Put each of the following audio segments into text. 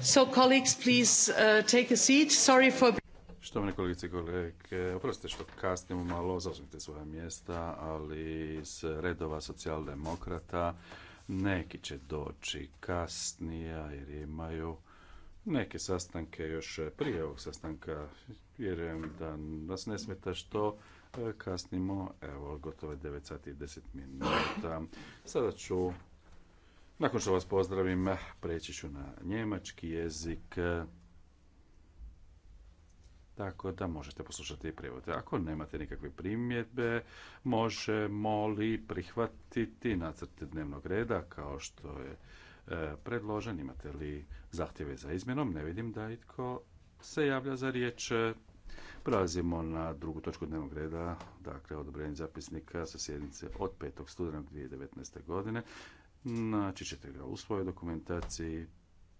So colleagues, please uh, take a Štovane kolegice i kolege, oprostite što kasnimo malo, zauzmite svoja mjesta, ali iz redova socijaldemokrata neki će doći kasnije jer imaju neke sastanke još prije ovog sastanka. Vjerujem da vas ne smeta što e, kasnimo, evo gotovo je 9 sati i 10 minuta. Sada ću nakon što vas pozdravim, preći ću na njemački jezik. Tako da možete poslušati i prijevode. Ako nemate nikakve primjedbe, možemo li prihvatiti nacrte dnevnog reda kao što je e, predložen? Imate li zahtjeve za izmjenom? Ne vidim da itko se javlja za riječ. Prelazimo na drugu točku dnevnog reda, dakle odobrenje zapisnika sa sjednice od 5. studenog 2019. godine naći ćete ga u svojoj dokumentaciji.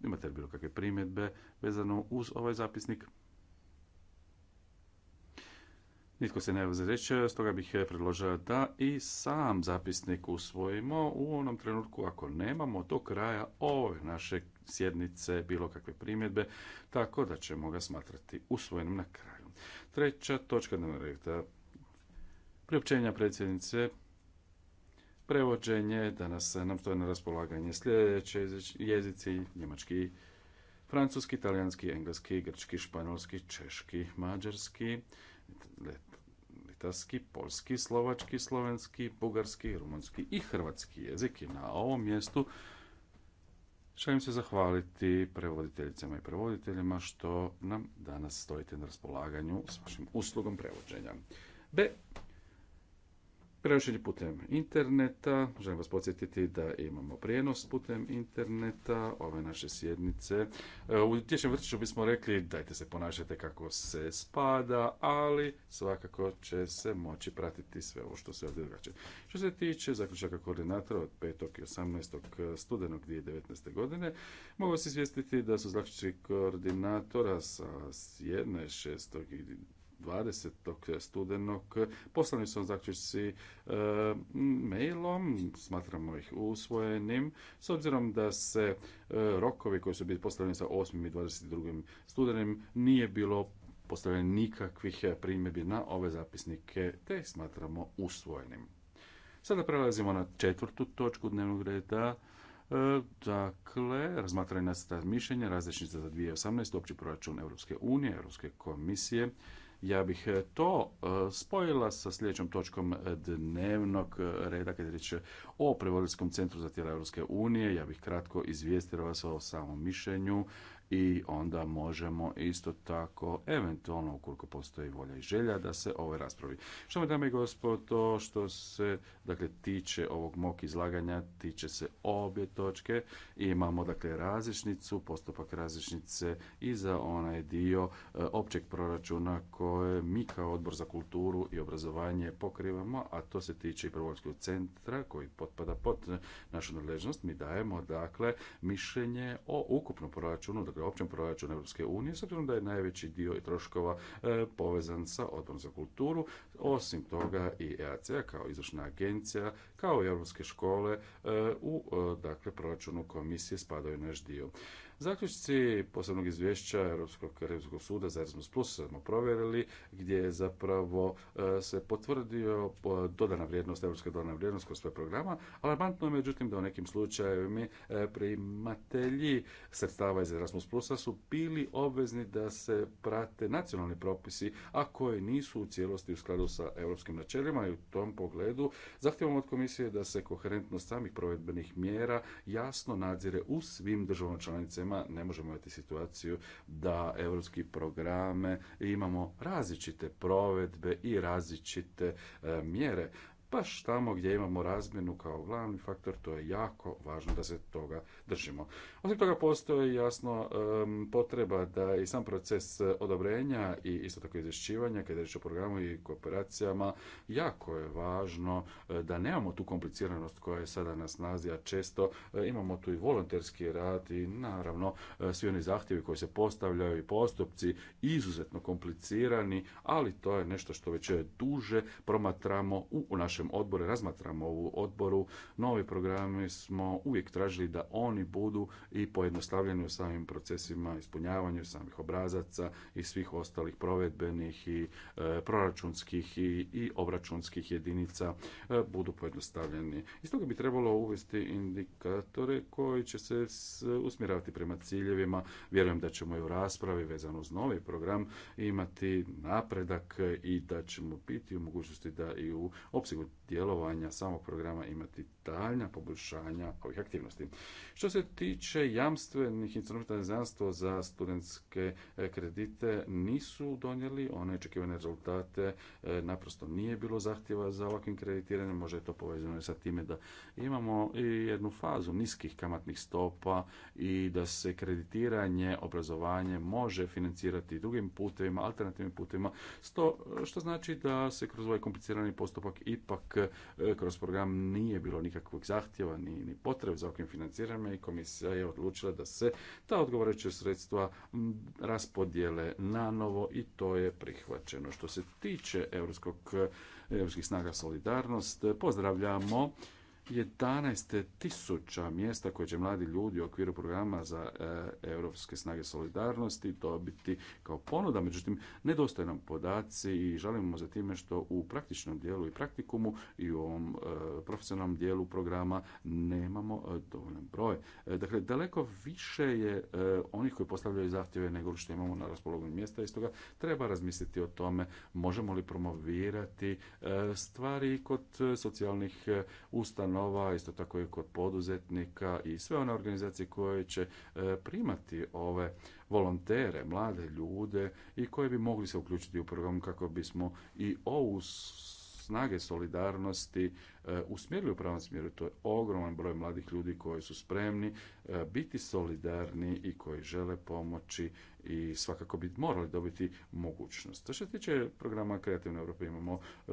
Imate li bilo kakve primjedbe vezano uz ovaj zapisnik? Nitko se ne javlja stoga bih predložio da i sam zapisnik usvojimo u onom trenutku ako nemamo do kraja ove naše sjednice bilo kakve primjedbe, tako da ćemo ga smatrati usvojenim na kraju. Treća točka dnevnog reda. Priopćenja predsjednice prevođenje. Danas nam je na raspolaganje sljedeće jezici, njemački, francuski, italijanski, engleski, grčki, španjolski, češki, mađarski, litavski, polski, slovački, slovenski, bugarski, rumunski i hrvatski jezik. I na ovom mjestu Želim se zahvaliti prevoditeljicama i prevoditeljima što nam danas stojite na raspolaganju s vašim uslugom prevođenja. B Prenošenje putem interneta. Želim vas podsjetiti da imamo prijenos putem interneta ove naše sjednice. E, u dječjem vrtiću bismo rekli dajte se ponašajte kako se spada, ali svakako će se moći pratiti sve ovo što se ovdje događa. Što se tiče zaključaka koordinatora od 5. i 18. studenog 2019. godine, mogu vas izvijestiti da su zaključci koordinatora sa 1. 6. i 20. studenog poslani su zaključci e, mailom, smatramo ih usvojenim, s obzirom da se e, rokovi koji su bili postavljeni sa 8. i 22. studenim nije bilo postavljeno nikakvih primjedbi na ove zapisnike, te smatramo usvojenim. Sada prelazimo na četvrtu točku dnevnog reda, e, Dakle, razmatranje nacrta mišljenja različnica za 2018. opći proračun Europske unije, Europske komisije ja bih e, to e, spojila sa sljedećom točkom dnevnog e, reda kad je riječ o prevodilskom centru za tijela Europske unije. Ja bih kratko izvijestila vas o samom mišljenju i onda možemo isto tako eventualno ukoliko postoji volja i želja da se ove raspravi. Što me dame i gospodo, što se dakle tiče ovog mog izlaganja, tiče se obje točke. Imamo dakle različnicu, postupak različnice i za onaj dio e, općeg proračuna koje mi kao odbor za kulturu i obrazovanje pokrivamo, a to se tiče i Prvoljskog centra koji potpada pod našu nadležnost. Mi dajemo dakle mišljenje o ukupnom proračunu, dakle dakle općem proračunu Europske unije, s obzirom da je najveći dio i troškova e, povezan sa odborom za kulturu. Osim toga i EAC kao izvršna agencija, kao i europske škole e, u e, dakle proračunu komisije spadaju naš dio. Zaključci posebnog izvješća Europskog revizijskog suda za Erasmus Plus smo provjerili gdje je zapravo e, se potvrdio e, dodana vrijednost, europska dodana vrijednost kroz sve programa. Alarmantno je međutim da u nekim slučajevima e, primatelji sredstava iz Erasmus Plusa su bili obvezni da se prate nacionalni propisi, a koji nisu u cijelosti u skladu sa europskim načelima i u tom pogledu zahtijevamo od komisije da se koherentnost samih provedbenih mjera jasno nadzire u svim državama članicama ne možemo imati situaciju da europski programe imamo različite provedbe i različite e, mjere baš tamo gdje imamo razmjenu kao glavni faktor, to je jako važno da se toga držimo. Osim toga postoji jasno potreba da i sam proces odobrenja i isto tako izvješćivanja, kada je riječ o programu i kooperacijama, jako je važno e, da nemamo tu kompliciranost koja je sada na snazi, a često e, imamo tu i volonterski rad i naravno e, svi oni zahtjevi koji se postavljaju i postupci izuzetno komplicirani, ali to je nešto što već duže promatramo u našem našem odboru, razmatramo u odboru, novi programe smo uvijek tražili da oni budu i pojednostavljeni u samim procesima, ispunjavanja samih obrazaca i svih ostalih provedbenih i e, proračunskih i, obračunskih jedinica e, budu pojednostavljeni. Iz toga bi trebalo uvesti indikatore koji će se usmjeravati prema ciljevima. Vjerujem da ćemo i u raspravi vezano uz novi program imati napredak i da ćemo biti u mogućnosti da i u opsegu djelovanja samog programa imati daljnja poboljšanja ovih aktivnosti. Što se tiče jamstvenih instrumenta za jamstvo za studentske e, kredite nisu donijeli one očekivane rezultate, e, naprosto nije bilo zahtjeva za ovakvim kreditiranjem, možda je to povezano sa time da imamo i jednu fazu niskih kamatnih stopa i da se kreditiranje, obrazovanje može financirati drugim putevima, alternativnim putevima, što znači da se kroz ovaj komplicirani postupak ipak ipak e, kroz program nije bilo nikakvog zahtjeva ni, ni potrebe za ovakvim financiranjem i komisija je odlučila da se ta odgovarajuća sredstva raspodijele na novo i to je prihvaćeno. Što se tiče Europskog europskih snaga solidarnost pozdravljamo 11 tisuća mjesta koje će mladi ljudi u okviru programa za e, Europske snage solidarnosti dobiti kao ponuda. Međutim, nedostaje nam podaci i žalimo za time što u praktičnom dijelu i praktikumu i u ovom e, profesionalnom dijelu programa nemamo e, dovoljan broj. Dakle, daleko više je onih koji postavljaju zahtjeve nego što imamo na raspologu mjesta. i stoga treba razmisliti o tome možemo li promovirati stvari kod socijalnih ustanova ustanova, isto tako i kod poduzetnika i sve one organizacije koje će e, primati ove volontere, mlade ljude i koji bi mogli se uključiti u program kako bismo i ovu snage solidarnosti e, usmjerili u pravom smjeru. To je ogroman broj mladih ljudi koji su spremni e, biti solidarni i koji žele pomoći i svakako bi morali dobiti mogućnost. Što se tiče programa Kreativne Europe imamo e,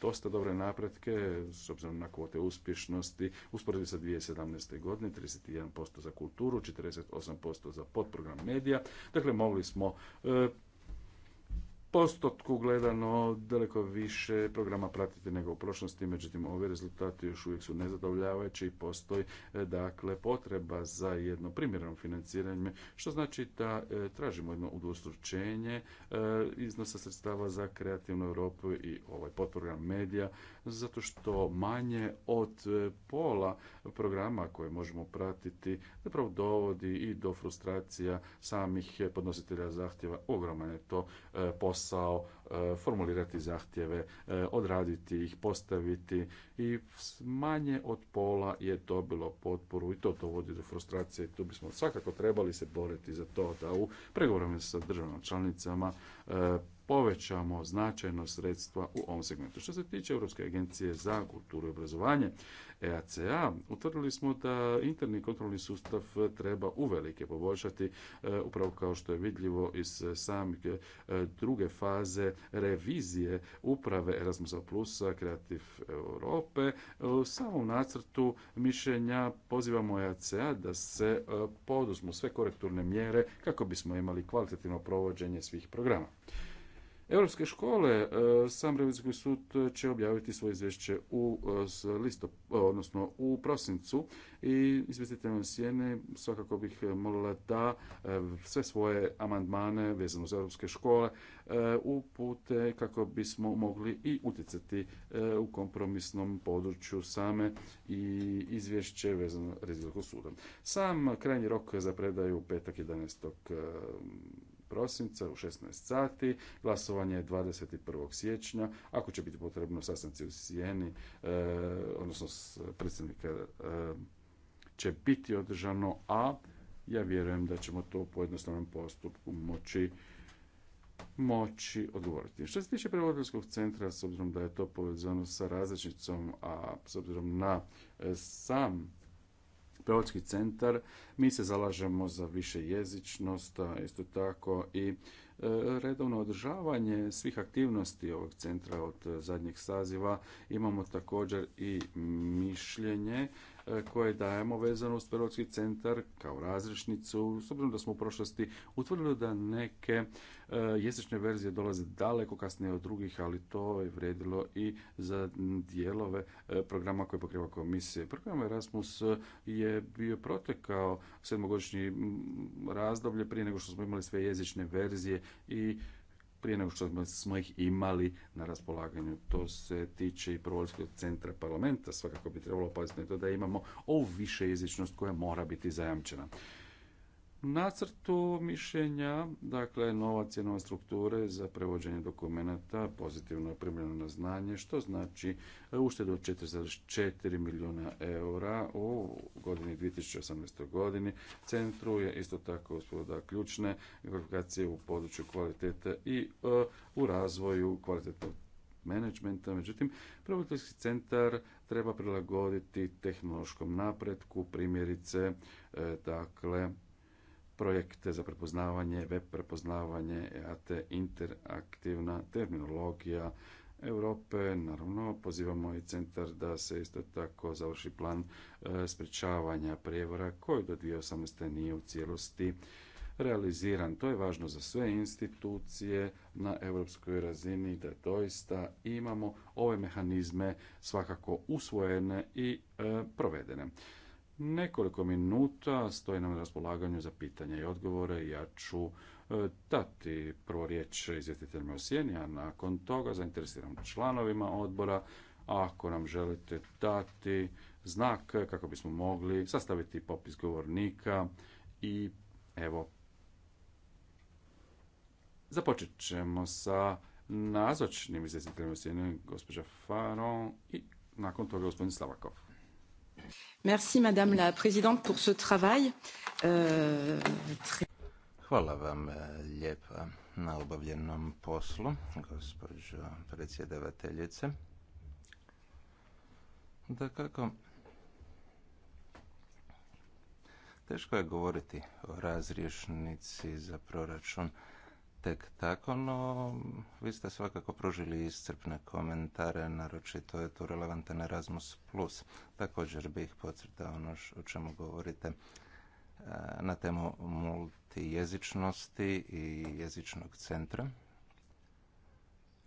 dosta dobre napretke s obzirom na kvote uspješnosti. Usporedbi sa 2017. godine 31% za kulturu, 48% za podprogram medija. Dakle, mogli smo postotku gledano daleko više programa pratite nego u prošlosti, međutim ovi rezultati još uvijek su nezadovoljavajući i postoji e, dakle potreba za jedno primjereno financiranje, što znači da e, tražimo jedno udvostručenje e, iznosa sredstava za kreativnu Europu i ovaj potprogram medija zato što manje od e, pola programa koje možemo pratiti zapravo dovodi i do frustracija samih podnositelja zahtjeva. Ogroman je to e, posao e, formulirati zahtjeve, odraditi ih, postaviti i manje od pola je dobilo potporu i to dovodi do frustracije. Tu bismo svakako trebali se boriti za to da u pregovorima sa državnom članicama povećamo značajno sredstva u ovom segmentu. Što se tiče Europske agencije za kulturu i obrazovanje, EACA, utvrdili smo da interni kontrolni sustav treba uvelike poboljšati, e, upravo kao što je vidljivo iz same druge faze revizije uprave Erasmusa Plusa Kreativ Europe. E, u samom nacrtu mišljenja pozivamo EACA da se e, poduzmu sve korekturne mjere kako bismo imali kvalitativno provođenje svih programa. Europske škole, e, sam revizijski sud će objaviti svoje izvješće u e, listop, e, odnosno u prosincu i vam sjene svakako bih molila da sve svoje amandmane vezano za europske škole upute kako bismo mogli i utjecati u kompromisnom području same i izvješće vezano revizijskog suda. Sam krajnji rok za predaju petak 11 prosinca u 16 sati, glasovanje je 21. siječnja, ako će biti potrebno sastanci u Sijeni, e, odnosno s predstavnika e, će biti održano, a ja vjerujem da ćemo to po jednostavnom postupku moći moći odgovoriti. Što se tiče prevoditeljskog centra, s obzirom da je to povezano sa različicom, a s obzirom na e, sam prevodski centar. Mi se zalažemo za više jezičnost, isto tako i e, redovno održavanje svih aktivnosti ovog centra od zadnjeg saziva. Imamo također i mišljenje E, koje dajemo vezano uz Europski centar kao razrešnicu, s obzirom da smo u prošlosti utvrdili da neke e, jezične verzije dolaze daleko kasnije od drugih, ali to je vredilo i za dijelove e, programa koje pokriva komisije. Program Erasmus je bio protekao sedmogodišnji razdoblje prije nego što smo imali sve jezične verzije i prije nego što smo ih imali na raspolaganju. To se tiče i Provoljskog centra parlamenta, svakako bi trebalo paziti na to da imamo ovu više koja mora biti zajamčena nacrtu mišljenja, dakle nova cjenova strukture za prevođenje dokumenata pozitivno je primljeno na znanje, što znači e, uštedu od 4,4 milijuna eura u godini 2018. godini. Centru je isto tako da ključne kvalifikacije u području kvalitete i e, u razvoju kvalitetnog menadžmenta. Međutim, prevoditeljski centar treba prilagoditi tehnološkom napretku, primjerice, e, dakle, projekte za prepoznavanje, web prepoznavanje, te interaktivna terminologija Europe. Naravno, pozivamo i centar da se isto tako završi plan e, sprečavanja prijevora koji do 2018. nije u cijelosti realiziran. To je važno za sve institucije na europskoj razini da doista imamo ove mehanizme svakako usvojene i e, provedene nekoliko minuta stoji nam na raspolaganju za pitanja i odgovore. Ja ću e, dati prvo riječ izvjetiteljima u Sijeni, a nakon toga zainteresiranim članovima odbora. Ako nam želite dati znak kako bismo mogli sastaviti popis govornika i evo započet ćemo sa nazočnim izvjetiteljima u Sijeni, gospođa Faro i nakon toga gospodin Slavakov. Merci madame la euh, Hvala vam eh, lijepa na obavljenom poslu, gospođo predsjedavateljice. Da kako teško je govoriti o razriješnici za proračun tek tako, no vi ste svakako pružili iscrpne komentare, naročito je tu relevantan Erasmus+. Također bih podcrtao ono o čemu govorite e, na temu multijezičnosti i jezičnog centra.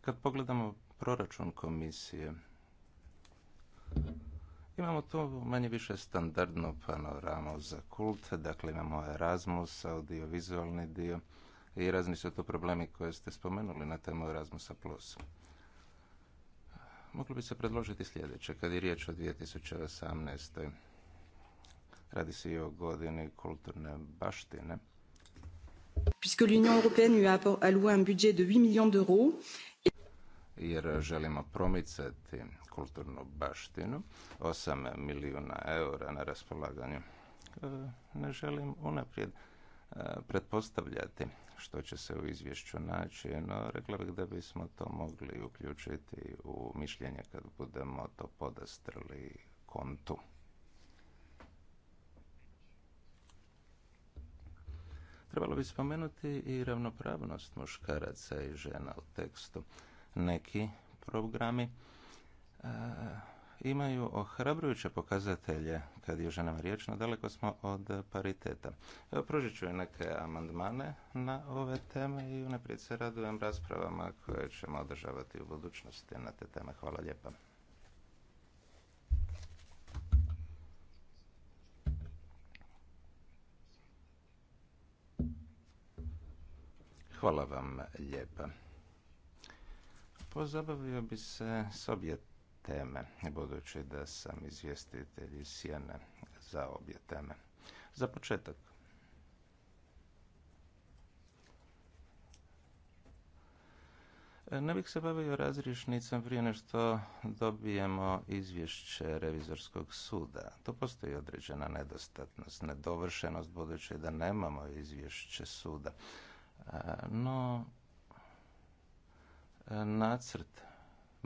Kad pogledamo proračun komisije, Imamo tu manje više standardnu panoramu za kult, dakle imamo Erasmus, audiovizualni dio, i razni su to problemi koje ste spomenuli na temu Erasmusa+. Moglo bi se predložiti sljedeće, kad je riječ o 2018. Radi se i o godini kulturne baštine. Puisque l'Union européenne lui a alloué un budget de 8 millions d'euros. Jer želimo promicati kulturnu baštinu, 8 milijuna eura na raspolaganju. E, ne želim unaprijed E, pretpostavljati što će se u izvješću naći, no rekla bih da bismo to mogli uključiti u mišljenje kad budemo to podastrli kontu. Trebalo bi spomenuti i ravnopravnost muškaraca i žena u tekstu. Neki programi e, imaju ohrabrujuće pokazatelje kad je ženama riječ, no daleko smo od pariteta. Evo, pružit ću neke amandmane na ove teme i unaprijed se radujem raspravama koje ćemo održavati u budućnosti na te teme. Hvala lijepa. Hvala vam lijepa. Pozabavio bi se s obje teme, budući da sam izvjestitelj iz Sjene za obje teme. Za početak, Ne bih se bavio razrišnicom prije nešto što dobijemo izvješće revizorskog suda. To postoji određena nedostatnost, nedovršenost budući da nemamo izvješće suda. E, no, e, nacrt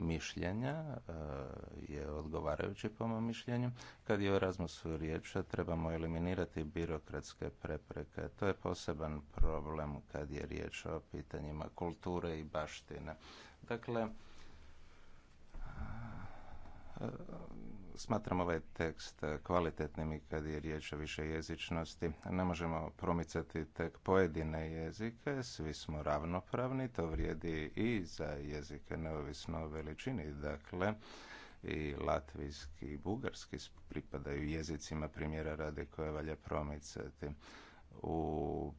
mišljenja e, je odgovarajući po mom mišljenju. Kad je o Erasmusu riječ, trebamo eliminirati birokratske prepreke. To je poseban problem kad je riječ o pitanjima kulture i baštine. Dakle, Smatram ovaj tekst kvalitetnim i kad je riječ o više jezičnosti. Ne možemo promicati tek pojedine jezike, svi smo ravnopravni, to vrijedi i za jezike neovisno o veličini. Dakle, i latvijski i bugarski pripadaju jezicima primjera radi koje valja promicati. U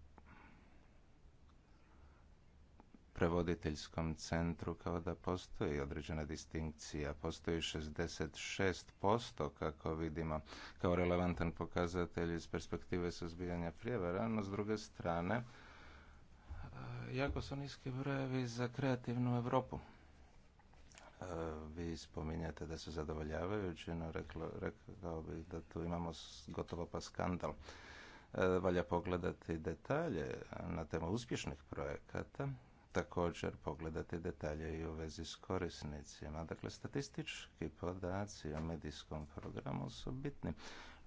prevoditeljskom centru kao da postoji određena distinkcija. Postoji 66% kako vidimo kao relevantan pokazatelj iz perspektive suzbijanja prijevara, no s druge strane e, jako su niski brojevi za kreativnu Europu. E, vi spominjate da su zadovoljavajući, no reklo, rekao bih da tu imamo gotovo pa skandal e, valja pogledati detalje na temu uspješnih projekata također pogledati detalje i u vezi s korisnicima. Dakle, statistički podaci o medijskom programu su bitni,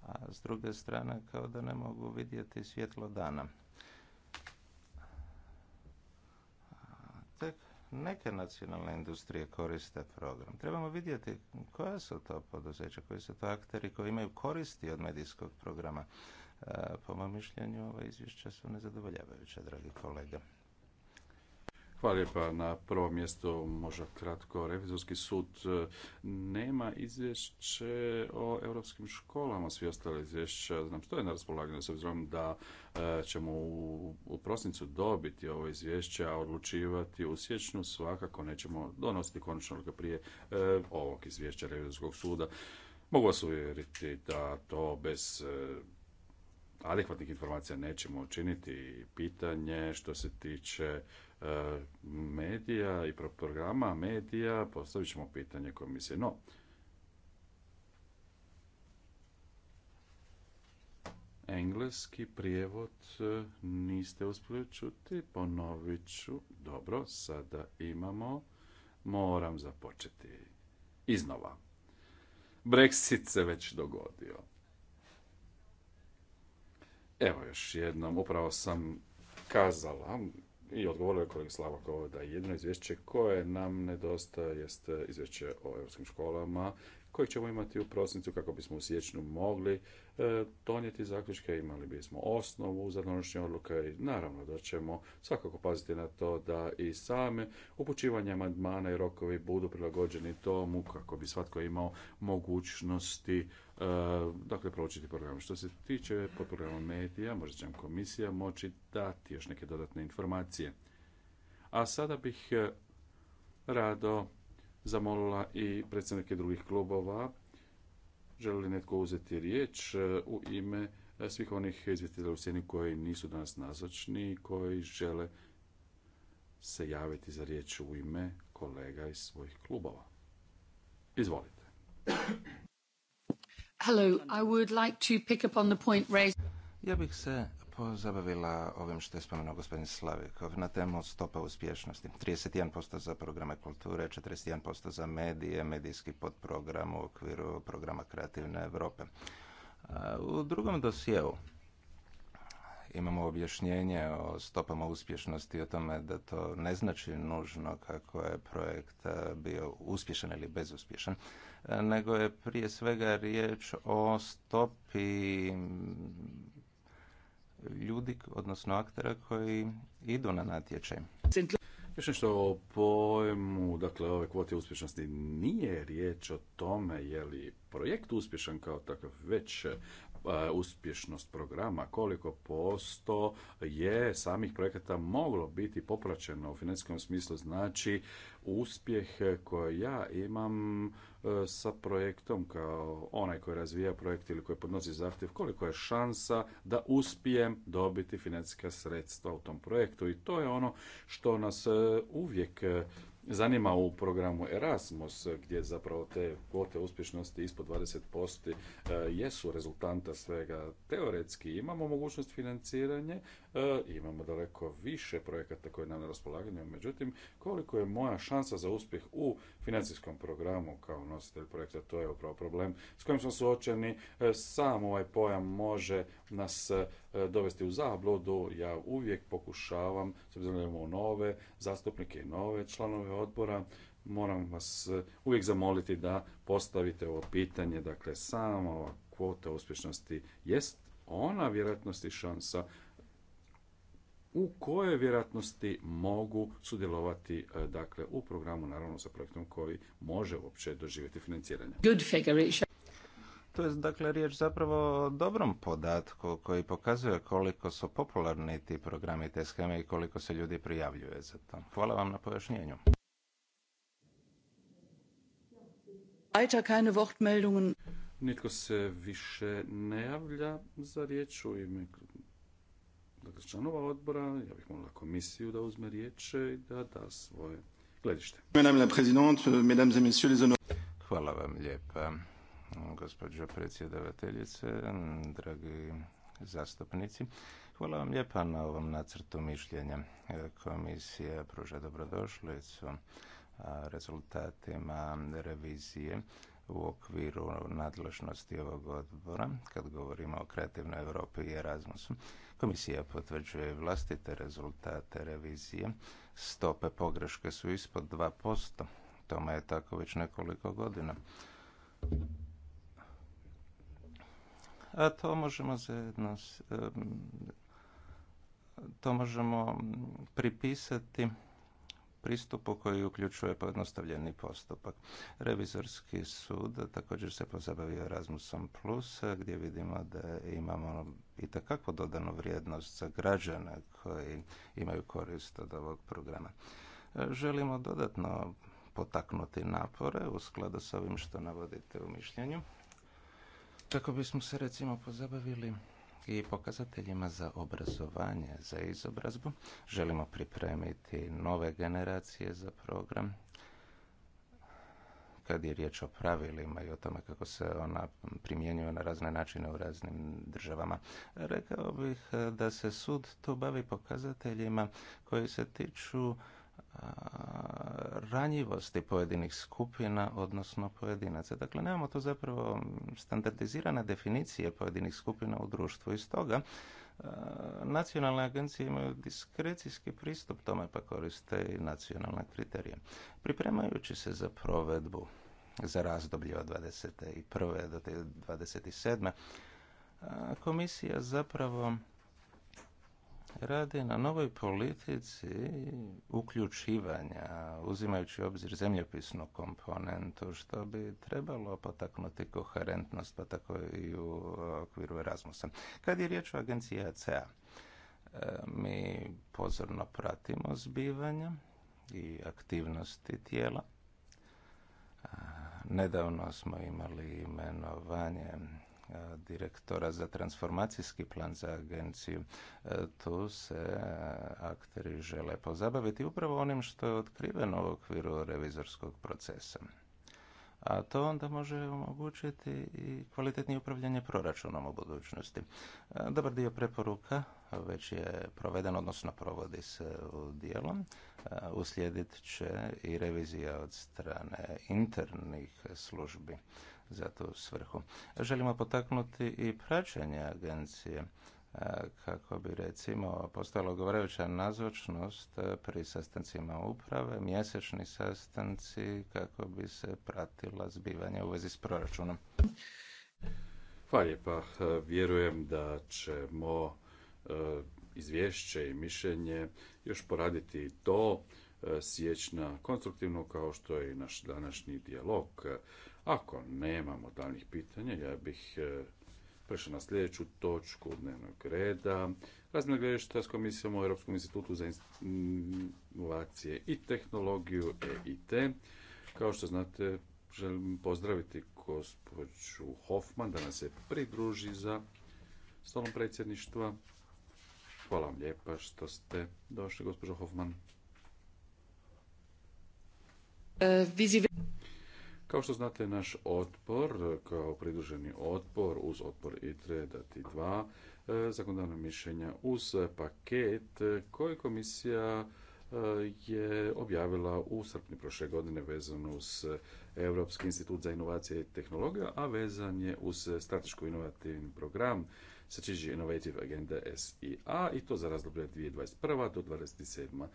a s druge strane kao da ne mogu vidjeti svjetlo dana. Tek neke nacionalne industrije koriste program. Trebamo vidjeti koja su to poduzeća, koji su to akteri koji imaju koristi od medijskog programa. E, po mom mišljenju, ova izvješća su nezadovoljavajuća, dragi kolega. Hvala lijepa. Na prvo mjesto možda kratko. Revizorski sud nema izvješće o europskim školama. Svi ostale izvješća što je na raspolaganju s obzirom da e, ćemo u, prosnicu prosincu dobiti ovo izvješće, a odlučivati u siječnju svakako nećemo donositi konačno prije e, ovog izvješća Revizorskog suda. Mogu vas uvjeriti da to bez e, adekvatnih informacija nećemo učiniti. Pitanje što se tiče E, medija i programa medija, postavit ćemo pitanje komisije. No, engleski prijevod e, niste uspjeli čuti, ponovit ću. Dobro, sada imamo, moram započeti iznova. Brexit se već dogodio. Evo još jednom, upravo sam kazala i odgovorio je kolegi slavako da jedno izvješće koje nam nedostaje jest izvješće o europskim školama koje ćemo imati u prosincu kako bismo u siječnju mogli e, donijeti zaključke, imali bismo osnovu za donošenje odluke i naravno da ćemo svakako paziti na to da i same upućivanje amandmana i rokovi budu prilagođeni tomu kako bi svatko imao mogućnosti E, dakle, proučiti program. Što se tiče programom medija, možda će vam komisija moći dati još neke dodatne informacije. A sada bih e, rado zamolila i predstavnike drugih klubova. Želi li netko uzeti riječ e, u ime svih onih izvjetitelja u sjeni koji nisu danas nazočni i koji žele se javiti za riječ u ime kolega iz svojih klubova. Izvolite. Hello, I would like to pick up on the point raised. Ja bih se pozabavila ovim što je spomenuo gospodin Slavikov na temu stopa uspješnosti. 31% za programe kulture, 41% za medije, medijski podprogram u okviru programa Kreativne Europe. U drugom dosjeu imamo objašnjenje o stopama uspješnosti, o tome da to ne znači nužno kako je projekt eh, bio uspješan ili bezuspješan, eh, nego je prije svega riječ o stopi mm, ljudi, odnosno aktera koji idu na natječaj. Još nešto o pojmu, dakle, ove kvote uspješnosti nije riječ o tome je li projekt uspješan kao takav, već e, uspješnost programa, koliko posto je samih projekata moglo biti popraćeno u financijskom smislu, znači uspjeh koji ja imam e, sa projektom kao onaj koji razvija projekt ili koji podnosi zahtjev, koliko je šansa da uspijem dobiti financijska sredstva u tom projektu i to je ono što nas e, uvijek zanima u programu Erasmus, gdje zapravo te kvote uspješnosti ispod 20% eh, jesu rezultanta svega. Teoretski imamo mogućnost financiranja, eh, imamo daleko više projekata koje nam na raspolaganju, međutim koliko je moja šansa za uspjeh u financijskom programu kao nositelj projekta, to je upravo problem s kojim smo suočeni. E, sam ovaj pojam može nas e, dovesti u zabludu. Ja uvijek pokušavam, s obzirom da imamo nove zastupnike i nove članove odbora, moram vas e, uvijek zamoliti da postavite ovo pitanje. Dakle, sama ova kvota uspješnosti jest ona vjerojatnost i šansa u kojoj vjerojatnosti mogu sudjelovati e, dakle, u programu, naravno sa projektom koji može uopće doživjeti financiranje. To je dakle riječ zapravo o dobrom podatku koji pokazuje koliko su popularni ti programi te scheme i koliko se ljudi prijavljuje za to. Hvala vam na pojašnjenju. Nitko se više ne javlja za riječ u ime dakle, članova odbora, ja bih molila komisiju da uzme riječ i da da svoje gledište. Hvala vam lijepa, gospođo predsjedavateljice, dragi zastupnici. Hvala vam lijepa na ovom nacrtu mišljenja. Komisija pruža dobrodošlicu rezultatima revizije u okviru nadležnosti ovog odbora, kad govorimo o kreativnoj Europi i Erasmusu. Komisija potvrđuje vlastite rezultate revizije. Stope pogreške su ispod 2%. Tome je tako već nekoliko godina. A to možemo zajedno to možemo pripisati pristupu koji uključuje pojednostavljeni postupak. Revizorski sud također se pozabavio Erasmusom Plus gdje vidimo da imamo i takako dodanu vrijednost za građane koji imaju korist od ovog programa. Želimo dodatno potaknuti napore u skladu s ovim što navodite u mišljenju. Kako bismo se recimo pozabavili i pokazateljima za obrazovanje, za izobrazbu. Želimo pripremiti nove generacije za program kad je riječ o pravilima i o tome kako se ona primjenjuje na razne načine u raznim državama. Rekao bih da se sud tu bavi pokazateljima koji se tiču ranjivosti pojedinih skupina, odnosno pojedinaca. Dakle, nemamo tu zapravo standardizirane definicije pojedinih skupina u društvu. I stoga, e, nacionalne agencije imaju diskrecijski pristup tome pa koriste i nacionalne kriterije. Pripremajući se za provedbu za razdoblje od 21. do 27. E, komisija zapravo radi na novoj politici uključivanja, uzimajući obzir zemljopisnu komponentu, što bi trebalo potaknuti koherentnost, pa tako i u okviru Erasmusa. Kad je riječ o agenciji ACA, e e, mi pozorno pratimo zbivanja i aktivnosti tijela. Nedavno smo imali imenovanje E, direktora za transformacijski plan za agenciju. E, tu se e, akteri žele pozabaviti upravo onim što je otkriveno u okviru revizorskog procesa. A to onda može omogućiti i kvalitetnije upravljanje proračunom u budućnosti. Dobar dio preporuka već je proveden, odnosno provodi se u dijelom Uslijedit će i revizija od strane internih službi za tu svrhu. Želimo potaknuti i praćenje agencije kako bi recimo postala odgovarajuća nazočnost pri sastancima uprave, mjesečni sastanci kako bi se pratila zbivanja u vezi s proračunom. Hvala lijepa. E, vjerujem da ćemo e, izvješće i mišljenje još poraditi to e, sjećna konstruktivno kao što je i naš današnji dijalog. Ako nemamo daljnjih pitanja, ja bih e, prešao na sljedeću točku dnevnog reda. Razmjena gledešta s komisijom o Europskom institutu za inovacije i tehnologiju EIT. Kao što znate, želim pozdraviti gospođu Hoffman da nas se pridruži za stolom predsjedništva. Hvala vam lijepa što ste došli, gospođo Hoffman. E, kao što znate, naš otpor, kao pridruženi otpor uz odbor ITRE dati dva e, zakonodavna mišljenja uz paket koji komisija e, je objavila u srpnju prošle godine vezano uz Europski institut za inovacije i tehnologije, a vezan je uz strateško inovativni program Strategy Innovative Agenda SIA i to za razdoblje 2021. do 2027.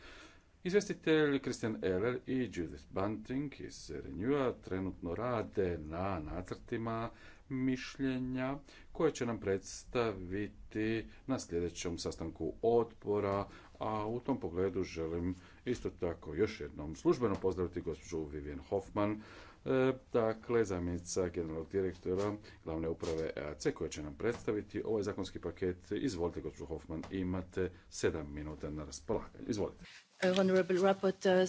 Izvestitelj Christian Eller i Judith Bunting iz Renewa trenutno rade na nacrtima mišljenja koje će nam predstaviti na sljedećem sastanku odbora, a u tom pogledu želim isto tako još jednom službeno pozdraviti gospođu Vivian Hoffman, E, dakle zamjenica generalnog direktora glavne uprave EAC koja će nam predstaviti ovaj zakonski paket. Izvolite, gospođo Hoffman, imate sedam minuta na raspolaganju. Izvolite. Uh,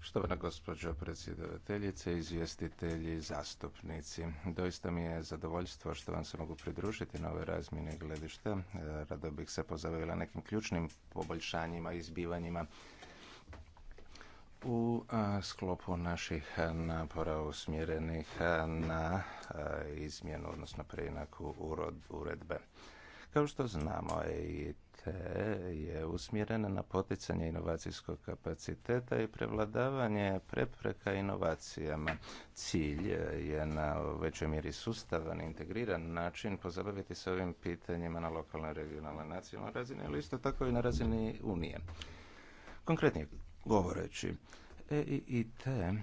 Štovana gospođo predsjedateljice, izvjestitelji, zastupnici. Doista mi je zadovoljstvo što vam se mogu pridružiti na ove razmjeni gledišta. E, rado bih se pozabavila nekim ključnim poboljšanjima i izbivanjima u sklopu naših napora usmjerenih na izmjenu, odnosno preinaku uredbe. Kao što znamo, EIT je usmjerena na poticanje inovacijskog kapaciteta i prevladavanje prepreka inovacijama. Cilj je na većoj mjeri sustavan, integriran način pozabaviti se ovim pitanjima na lokalnoj, regionalnoj, nacionalnoj razini, ali isto tako i na razini Unije. Konkretnije govoreći. EIT e,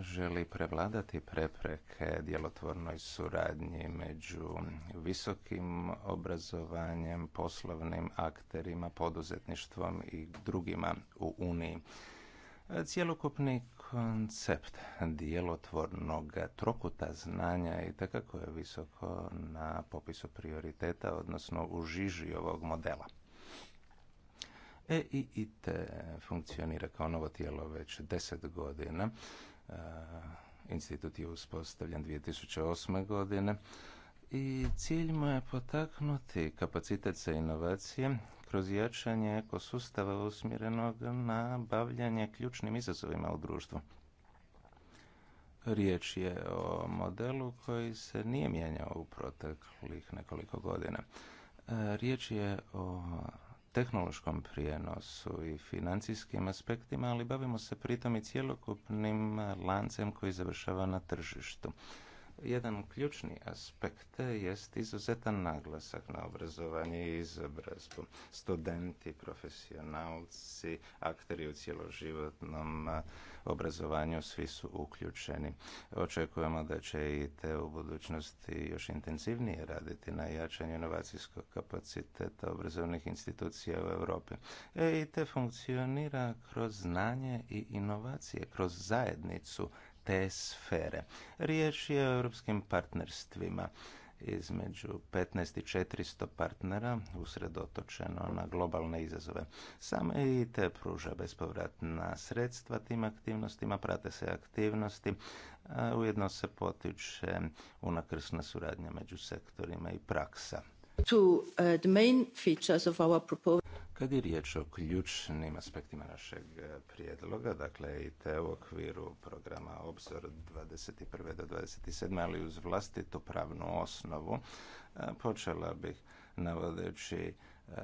želi prevladati prepreke djelotvornoj suradnji među visokim obrazovanjem, poslovnim akterima, poduzetništvom i drugima u Uniji. E, cjelokupni koncept djelotvornog trokuta znanja i takako je visoko na popisu prioriteta, odnosno u žiži ovog modela. EIT funkcionira kao novo tijelo već deset godina. E, institut je uspostavljen 2008. godine i cilj mu je potaknuti kapacitet za inovacije kroz jačanje ekosustava usmjerenog na bavljanje ključnim izazovima u društvu. Riječ je o modelu koji se nije mijenjao u proteklih nekoliko godina. E, riječ je o tehnološkom prijenosu i financijskim aspektima, ali bavimo se pritom i cjelokupnim lancem koji završava na tržištu. Jedan ključni aspekt jest izuzetan naglasak na obrazovanje i izobrazbu. Studenti, profesionalci, akteri u cjeloživotnom obrazovanju, svi su uključeni. Očekujemo da će i te u budućnosti još intenzivnije raditi na jačanju inovacijskog kapaciteta obrazovnih institucija u Europi. E, I te funkcionira kroz znanje i inovacije, kroz zajednicu te sfere. Riječ je o europskim partnerstvima između 15 i 400 partnera usredotočeno na globalne izazove. Sam EIT pruža bespovratna sredstva tim aktivnostima, prate se aktivnosti, a ujedno se potiče unakrsna suradnja među sektorima i praksa. Uh, Kad je riječ o ključnim aspektima našeg uh, prijedloga, dakle i te u okviru programa Obzor 21. do 27. ali uz vlastitu pravnu osnovu, uh, počela bih navodeći Eh,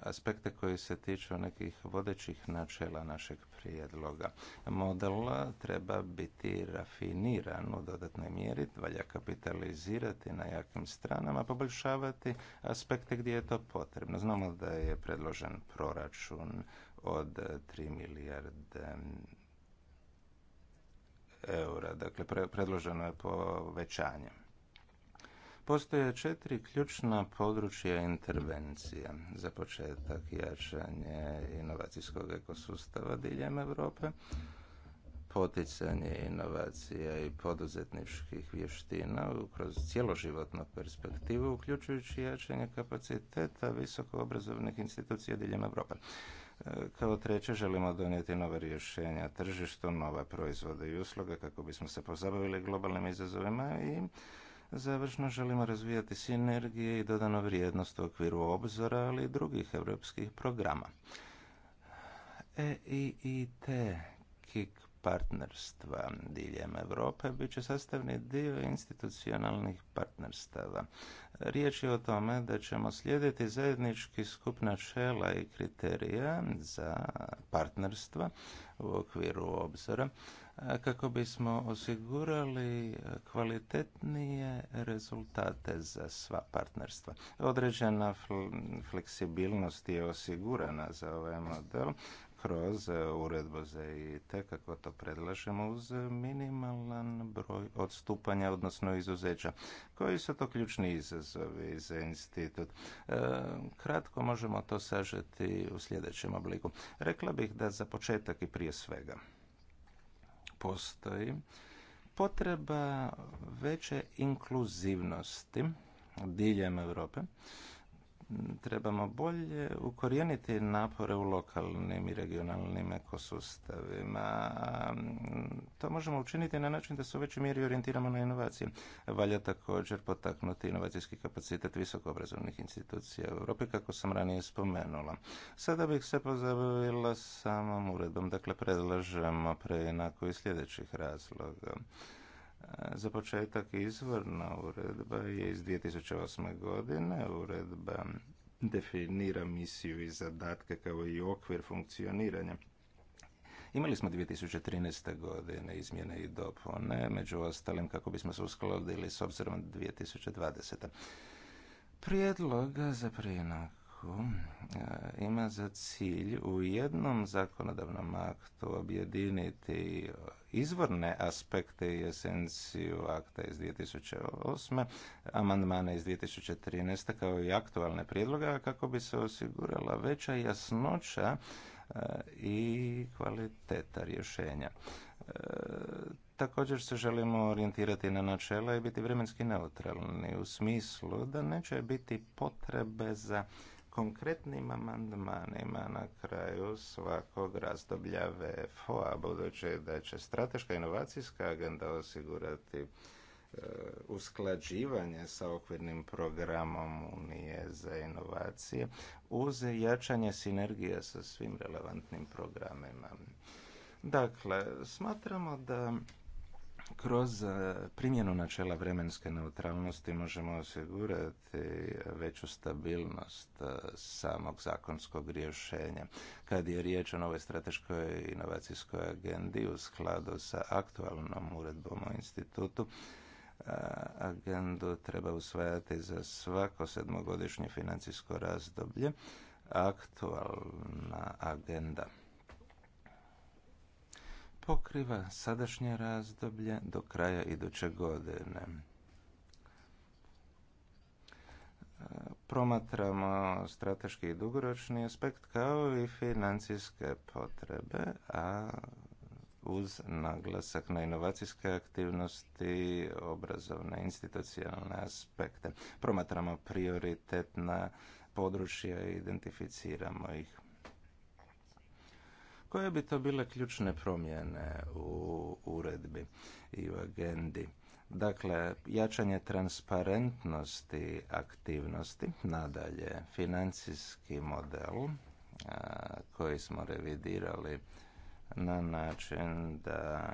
aspekte koji se tiču nekih vodećih načela našeg prijedloga. Model treba biti rafiniran u dodatnoj mjeri, valja kapitalizirati na jakim stranama, poboljšavati aspekte gdje je to potrebno. Znamo da je predložen proračun od 3 milijarde eura, dakle predloženo je povećanje. Postoje četiri ključna područja intervencija za početak jačanje inovacijskog ekosustava diljem Europe, poticanje inovacija i poduzetničkih vještina kroz cjeloživotnu perspektivu, uključujući jačanje kapaciteta visokoobrazovnih institucija diljem Europe. Kao treće, želimo donijeti nova rješenja tržištu, nova proizvode i usluge kako bismo se pozabavili globalnim izazovima i Završno želimo razvijati sinergije i dodanu vrijednost u okviru obzora, ali i drugih europskih programa. EIT KIK partnerstva diljem Europe bit će sastavni dio institucionalnih partnerstava. Riječ je o tome da ćemo slijediti zajednički skup načela i kriterija za partnerstva u okviru obzora kako bismo osigurali kvalitetnije rezultate za sva partnerstva. Određena fleksibilnost je osigurana za ovaj model, kroz e, uredbu za IT, kako to predlažemo, uz minimalan broj odstupanja, odnosno izuzeća. Koji su to ključni izazovi za institut? E, kratko možemo to sažeti u sljedećem obliku. Rekla bih da za početak i prije svega postoji potreba veće inkluzivnosti diljem Europe trebamo bolje ukorijeniti napore u lokalnim i regionalnim ekosustavima. To možemo učiniti na način da se u većoj mjeri orijentiramo na inovacije. Valja također potaknuti inovacijski kapacitet visokoobrazovnih institucija u Europi, kako sam ranije spomenula. Sada bih se pozabavila samom uredbom, dakle predlažemo preinaku iz sljedećih razloga za početak izvorna uredba je iz 2008. godine. Uredba definira misiju i zadatke kao i okvir funkcioniranja. Imali smo 2013. godine izmjene i dopune, među ostalim kako bismo se uskladili s obzirom 2020. Prijedlog za preinaku e, ima za cilj u jednom zakonodavnom aktu objediniti izvorne aspekte i esenciju akta iz 2008. amandmane iz 2013. kao i aktualne prijedloga kako bi se osigurala veća jasnoća e, i kvaliteta rješenja. E, također se želimo orijentirati na načela i biti vremenski neutralni u smislu da neće biti potrebe za konkretnim amandmanima na kraju svakog razdoblja VFO-a, budući da će strateška inovacijska agenda osigurati e, usklađivanje sa okvirnim programom Unije za inovacije uz jačanje sinergije sa svim relevantnim programima. Dakle, smatramo da kroz e, primjenu načela vremenske neutralnosti možemo osigurati veću stabilnost e, samog zakonskog rješenja. Kad je riječ o novoj strateškoj inovacijskoj agendi u skladu sa aktualnom uredbom o institutu, e, agendu treba usvajati za svako sedmogodišnje financijsko razdoblje, aktualna agenda pokriva sadašnje razdoblje do kraja iduće godine. Promatramo strateški i dugoročni aspekt kao i financijske potrebe, a uz naglasak na inovacijske aktivnosti, obrazovne, institucionalne aspekte. Promatramo prioritetna područja i identificiramo ih. Koje bi to bile ključne promjene u uredbi i u agendi? Dakle, jačanje transparentnosti aktivnosti, nadalje financijski model koji smo revidirali na način da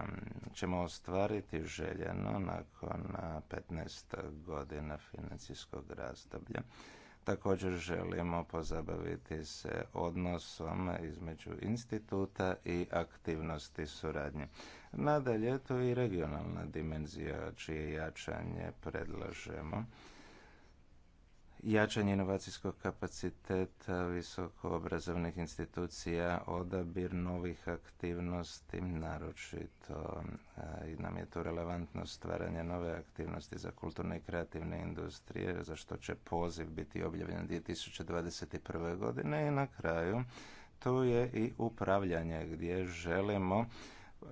ćemo ostvariti željeno nakon 15 godina financijskog razdoblja Također želimo pozabaviti se odnosom između instituta i aktivnosti suradnje. Nadalje, to i regionalna dimenzija čije jačanje predlažemo jačanje inovacijskog kapaciteta visokoobrazovnih institucija, odabir novih aktivnosti, naročito eh, i nam je tu relevantno stvaranje nove aktivnosti za kulturne i kreativne industrije, za što će poziv biti objavljen 2021. godine i na kraju tu je i upravljanje gdje želimo E,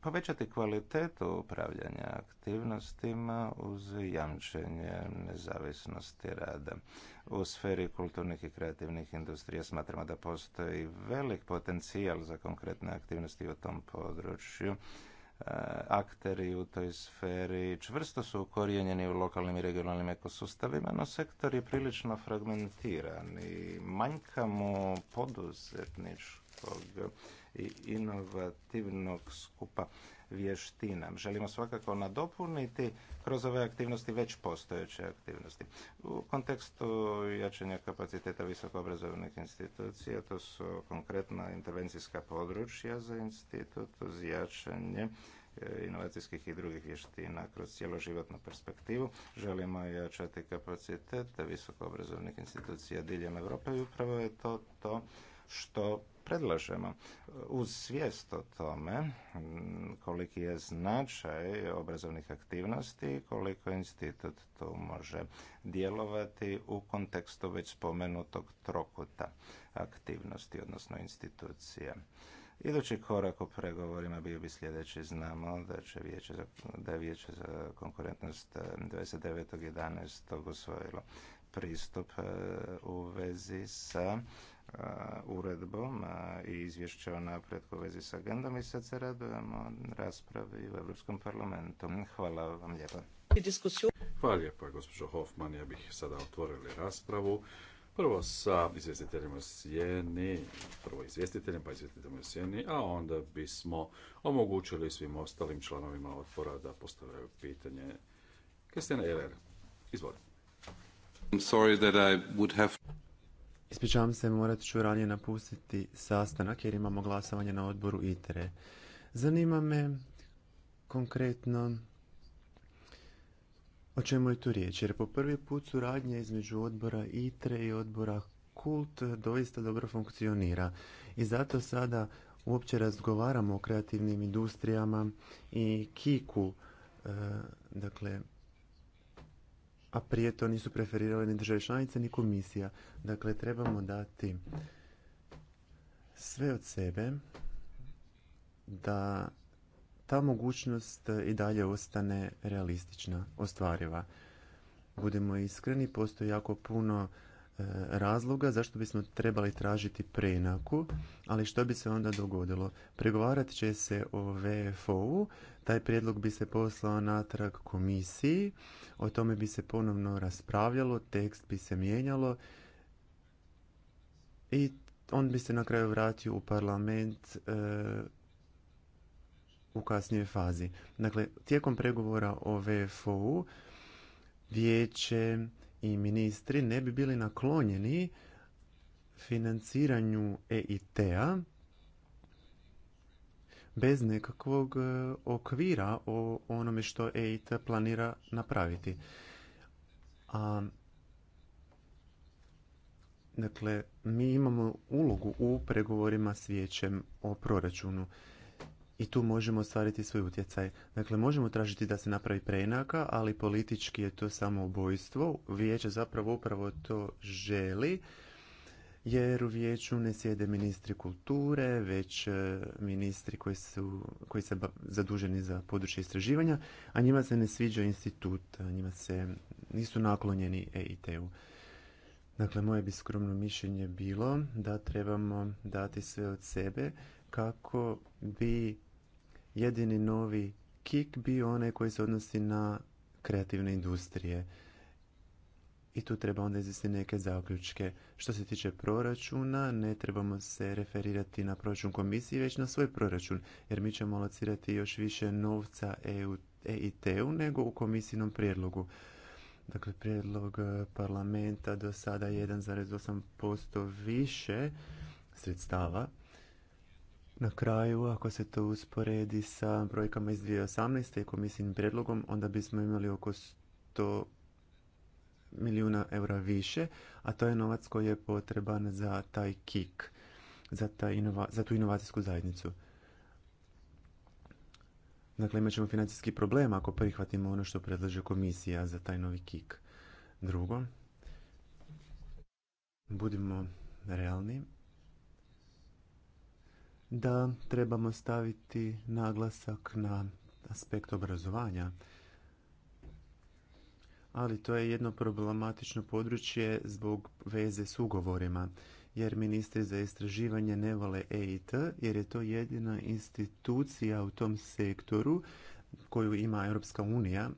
povećati kvalitetu upravljanja aktivnostima uz jamčenje nezavisnosti rada. U sferi kulturnih i kreativnih industrija smatramo da postoji velik potencijal za konkretne aktivnosti u tom području e, akteri u toj sferi čvrsto su ukorijenjeni u lokalnim i regionalnim ekosustavima, no sektor je prilično fragmentiran i manjka mu poduzetničkog i inovativnog skupa vještina. Želimo svakako nadopuniti kroz ove aktivnosti već postojeće aktivnosti. U kontekstu jačanja kapaciteta visokoobrazovnih institucija, to su konkretna intervencijska područja za institut, uz jačanje e, inovacijskih i drugih vještina kroz cjeloživotnu perspektivu. Želimo jačati kapacitet visokoobrazovnih institucija diljem Europe i upravo je to to što predlažemo. Uz svijest o tome koliki je značaj obrazovnih aktivnosti, koliko institut tu može djelovati u kontekstu već spomenutog trokuta aktivnosti, odnosno institucija. Idući korak u pregovorima bio bi sljedeći. Znamo da će da je vijeće za konkurentnost 29.11. usvojilo pristup e, u vezi sa uredbom i izvješće o napretku u vezi s agendom i sad se radujemo raspravi u Europskom parlamentu. Hvala vam lijepa. Hvala lijepa, gospođo Hoffman. Ja bih sada otvorili raspravu. Prvo sa izvjestiteljima sjeni, prvo izvjestiteljem, pa izvjestiteljima sjeni, a onda bismo omogućili svim ostalim članovima otvora da postavljaju pitanje. Kristina Eler, izvolite. I'm sorry that I would have... Ispričavam se, morat ću ranije napustiti sastanak jer imamo glasovanje na odboru ITRE. Zanima me konkretno o čemu je tu riječ, jer po prvi put suradnja između odbora ITRE i odbora KULT doista dobro funkcionira. I zato sada uopće razgovaramo o kreativnim industrijama i kiku, e, dakle a prije to nisu preferirale ni države članice ni komisija. Dakle, trebamo dati sve od sebe da ta mogućnost i dalje ostane realistična, ostvariva. Budemo iskreni, postoji jako puno E, razloga zašto bismo trebali tražiti preinaku, ali što bi se onda dogodilo? Pregovarat će se o VFO-u, taj prijedlog bi se poslao natrag komisiji, o tome bi se ponovno raspravljalo, tekst bi se mijenjalo i on bi se na kraju vratio u parlament e, u kasnijoj fazi. Dakle, tijekom pregovora o VFO-u vijeće i ministri ne bi bili naklonjeni financiranju EIT-a bez nekakvog e, okvira o onome što EIT planira napraviti. A, dakle, mi imamo ulogu u pregovorima s vijećem o proračunu i tu možemo ostvariti svoj utjecaj. Dakle, možemo tražiti da se napravi preinaka, ali politički je to samo ubojstvo. Vijeće zapravo upravo to želi, jer u vijeću ne sjede ministri kulture, već e, ministri koji su, koji su zaduženi za područje istraživanja, a njima se ne sviđa institut, njima se nisu naklonjeni EIT-u. Dakle, moje bi skromno mišljenje bilo da trebamo dati sve od sebe kako bi jedini novi kik bio onaj koji se odnosi na kreativne industrije. I tu treba onda izvesti neke zaključke. Što se tiče proračuna, ne trebamo se referirati na proračun komisije, već na svoj proračun, jer mi ćemo locirati još više novca EIT-u e nego u komisijnom prijedlogu. Dakle, prijedlog e, parlamenta do sada 1,8% više sredstava na kraju, ako se to usporedi sa brojkama iz 2018. i komisijnim predlogom, onda bismo imali oko 100 milijuna eura više, a to je novac koji je potreban za taj kik, za, za tu inovacijsku zajednicu. Dakle, imat ćemo financijski problem ako prihvatimo ono što predlaže komisija za taj novi kik. Drugo, budimo realni, da trebamo staviti naglasak na aspekt obrazovanja. Ali to je jedno problematično područje zbog veze s ugovorima, jer ministri za istraživanje ne vole EIT, jer je to jedina institucija u tom sektoru koju ima Europska unija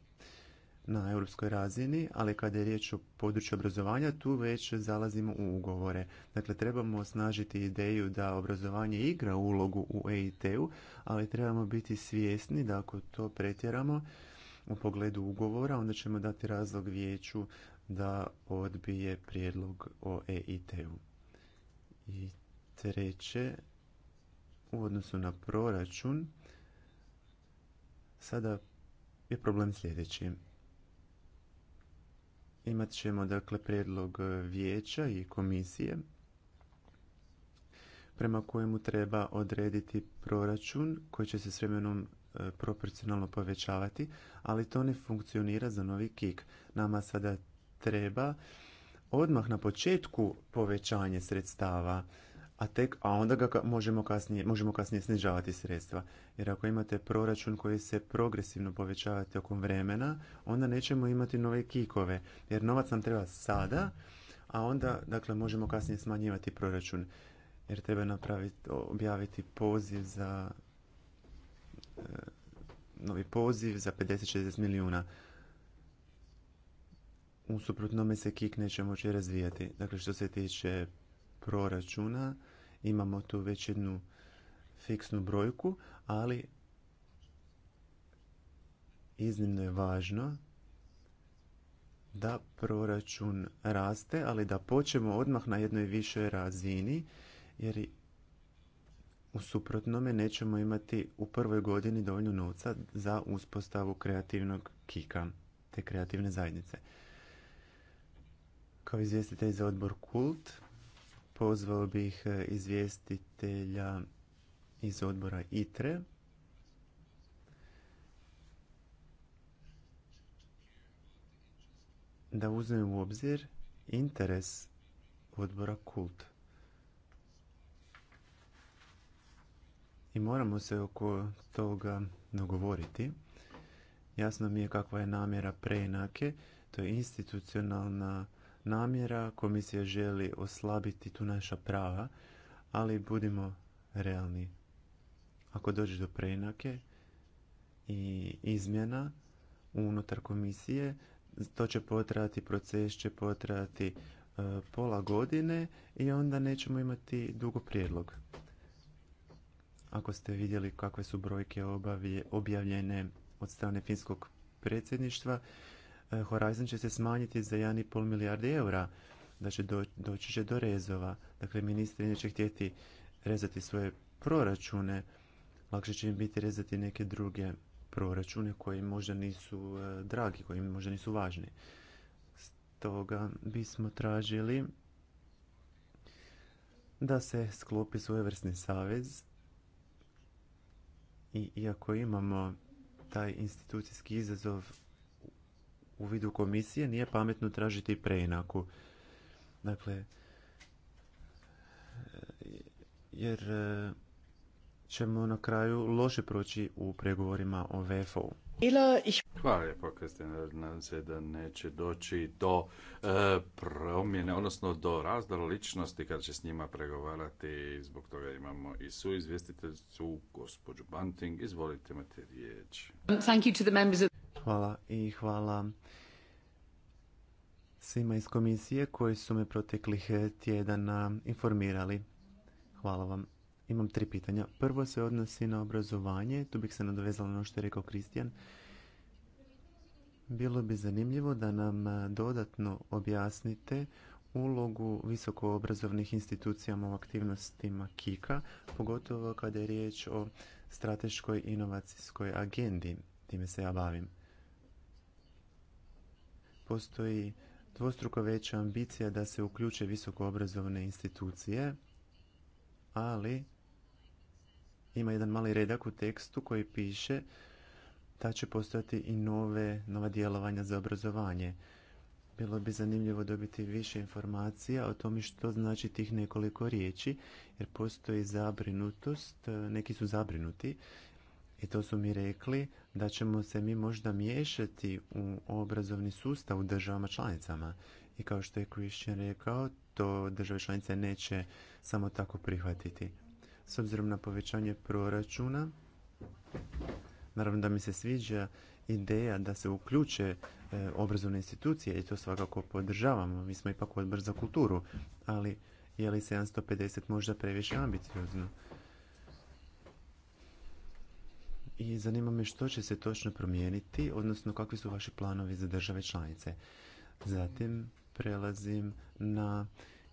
na europskoj razini, ali kada je riječ o području obrazovanja, tu već zalazimo u ugovore. Dakle, trebamo osnažiti ideju da obrazovanje igra ulogu u EIT-u, ali trebamo biti svjesni da ako to pretjeramo u pogledu ugovora, onda ćemo dati razlog vijeću da odbije prijedlog o EIT-u. I treće, u odnosu na proračun, sada je problem sljedeći. Imat ćemo dakle prijedlog e, vijeća i komisije prema kojemu treba odrediti proračun koji će se s vremenom e, proporcionalno povećavati, ali to ne funkcionira za novi kik. Nama sada treba odmah na početku povećanje sredstava a tek a onda ga možemo kasnije, možemo kasnije snižavati sredstva. Jer ako imate proračun koji se progresivno povećava tokom vremena, onda nećemo imati nove kikove. Jer novac nam treba sada, a onda dakle, možemo kasnije smanjivati proračun. Jer treba napraviti, objaviti poziv za e, novi poziv za 50-60 milijuna. U suprotnome se kik neće moći razvijati. Dakle, što se tiče proračuna. Imamo tu već jednu fiksnu brojku, ali iznimno je važno da proračun raste, ali da počnemo odmah na jednoj višoj razini, jer u suprotnome nećemo imati u prvoj godini dovoljno novca za uspostavu kreativnog kika, te kreativne zajednice. Kao izvjestitelj za odbor Kult, Pozvao bih e, izvjestitelja iz odbora ITRE da uzmem u obzir interes odbora kult. I moramo se oko toga dogovoriti. Jasno mi je kakva je namjera preinake. To je institucionalna namjera, komisija želi oslabiti tu naša prava, ali budimo realni. Ako dođe do preinake i izmjena unutar komisije, to će potrajati, proces će potrajati e, pola godine i onda nećemo imati dugo prijedlog. Ako ste vidjeli kakve su brojke objavljene od strane finskog predsjedništva, E, Horizon će se smanjiti za 1,5 milijardi eura, da će doći će do rezova. Dakle, ministri neće htjeti rezati svoje proračune, lakše će im biti rezati neke druge proračune koji možda nisu e, dragi, koji možda nisu važni. Stoga bismo tražili da se sklopi svojevrsni savez i iako imamo taj institucijski izazov u vidu komisije nije pametno tražiti preinaku. Dakle, jer e, ćemo na kraju loše proći u pregovorima o VFO-u. Hvala lijepo, Kristina. Nadam se da neće doći do e, promjene, odnosno do razdora ličnosti kad će s njima pregovarati. Zbog toga imamo i su izvjestiteljicu, gospođu Bunting. Izvolite, imate riječ. Thank you to the members of... Hvala i hvala svima iz komisije koji su me proteklih tjedana informirali. Hvala vam. Imam tri pitanja. Prvo se odnosi na obrazovanje. Tu bih se nadovezala na ono što je rekao Kristijan. Bilo bi zanimljivo da nam dodatno objasnite ulogu visokoobrazovnih institucijama u aktivnostima KIKA, pogotovo kada je riječ o strateškoj inovacijskoj agendi. Time se ja bavim postoji dvostruko veća ambicija da se uključe visokoobrazovne institucije, ali ima jedan mali redak u tekstu koji piše da će postojati i nove, nova djelovanja za obrazovanje. Bilo bi zanimljivo dobiti više informacija o tome što znači tih nekoliko riječi, jer postoji zabrinutost, neki su zabrinuti i to su mi rekli da ćemo se mi možda miješati u obrazovni sustav u državama članicama. I kao što je Christian rekao, to države članice neće samo tako prihvatiti. S obzirom na povećanje proračuna, naravno da mi se sviđa ideja da se uključe e, obrazovne institucije i to svakako podržavamo. Mi smo ipak odbor za kulturu, ali je li 750 možda previše ambiciozno? i zanima me što će se točno promijeniti, odnosno kakvi su vaši planovi za države članice. Zatim prelazim na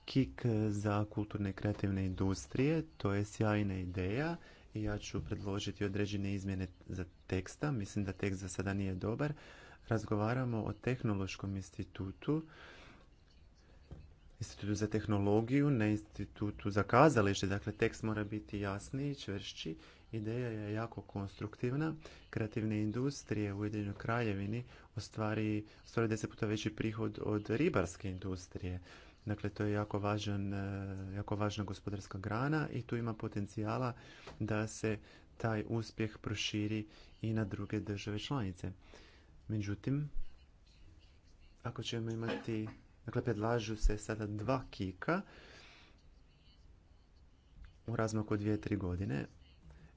KIK za kulturne i kreativne industrije. To je sjajna ideja i ja ću predložiti određene izmjene za teksta. Mislim da tekst za sada nije dobar. Razgovaramo o tehnološkom institutu, institutu za tehnologiju, ne institutu za kazalište. Dakle, tekst mora biti jasniji, čvršći Ideja je jako konstruktivna. Kreativne industrije u Ujedinjenoj kraljevini ostvari, ostvari deset puta veći prihod od ribarske industrije. Dakle, to je jako, važan, e, jako važna gospodarska grana i tu ima potencijala da se taj uspjeh proširi i na druge države članice. Međutim, ako ćemo imati, dakle, predlažu se sada dva kika u razmaku od dvije, tri godine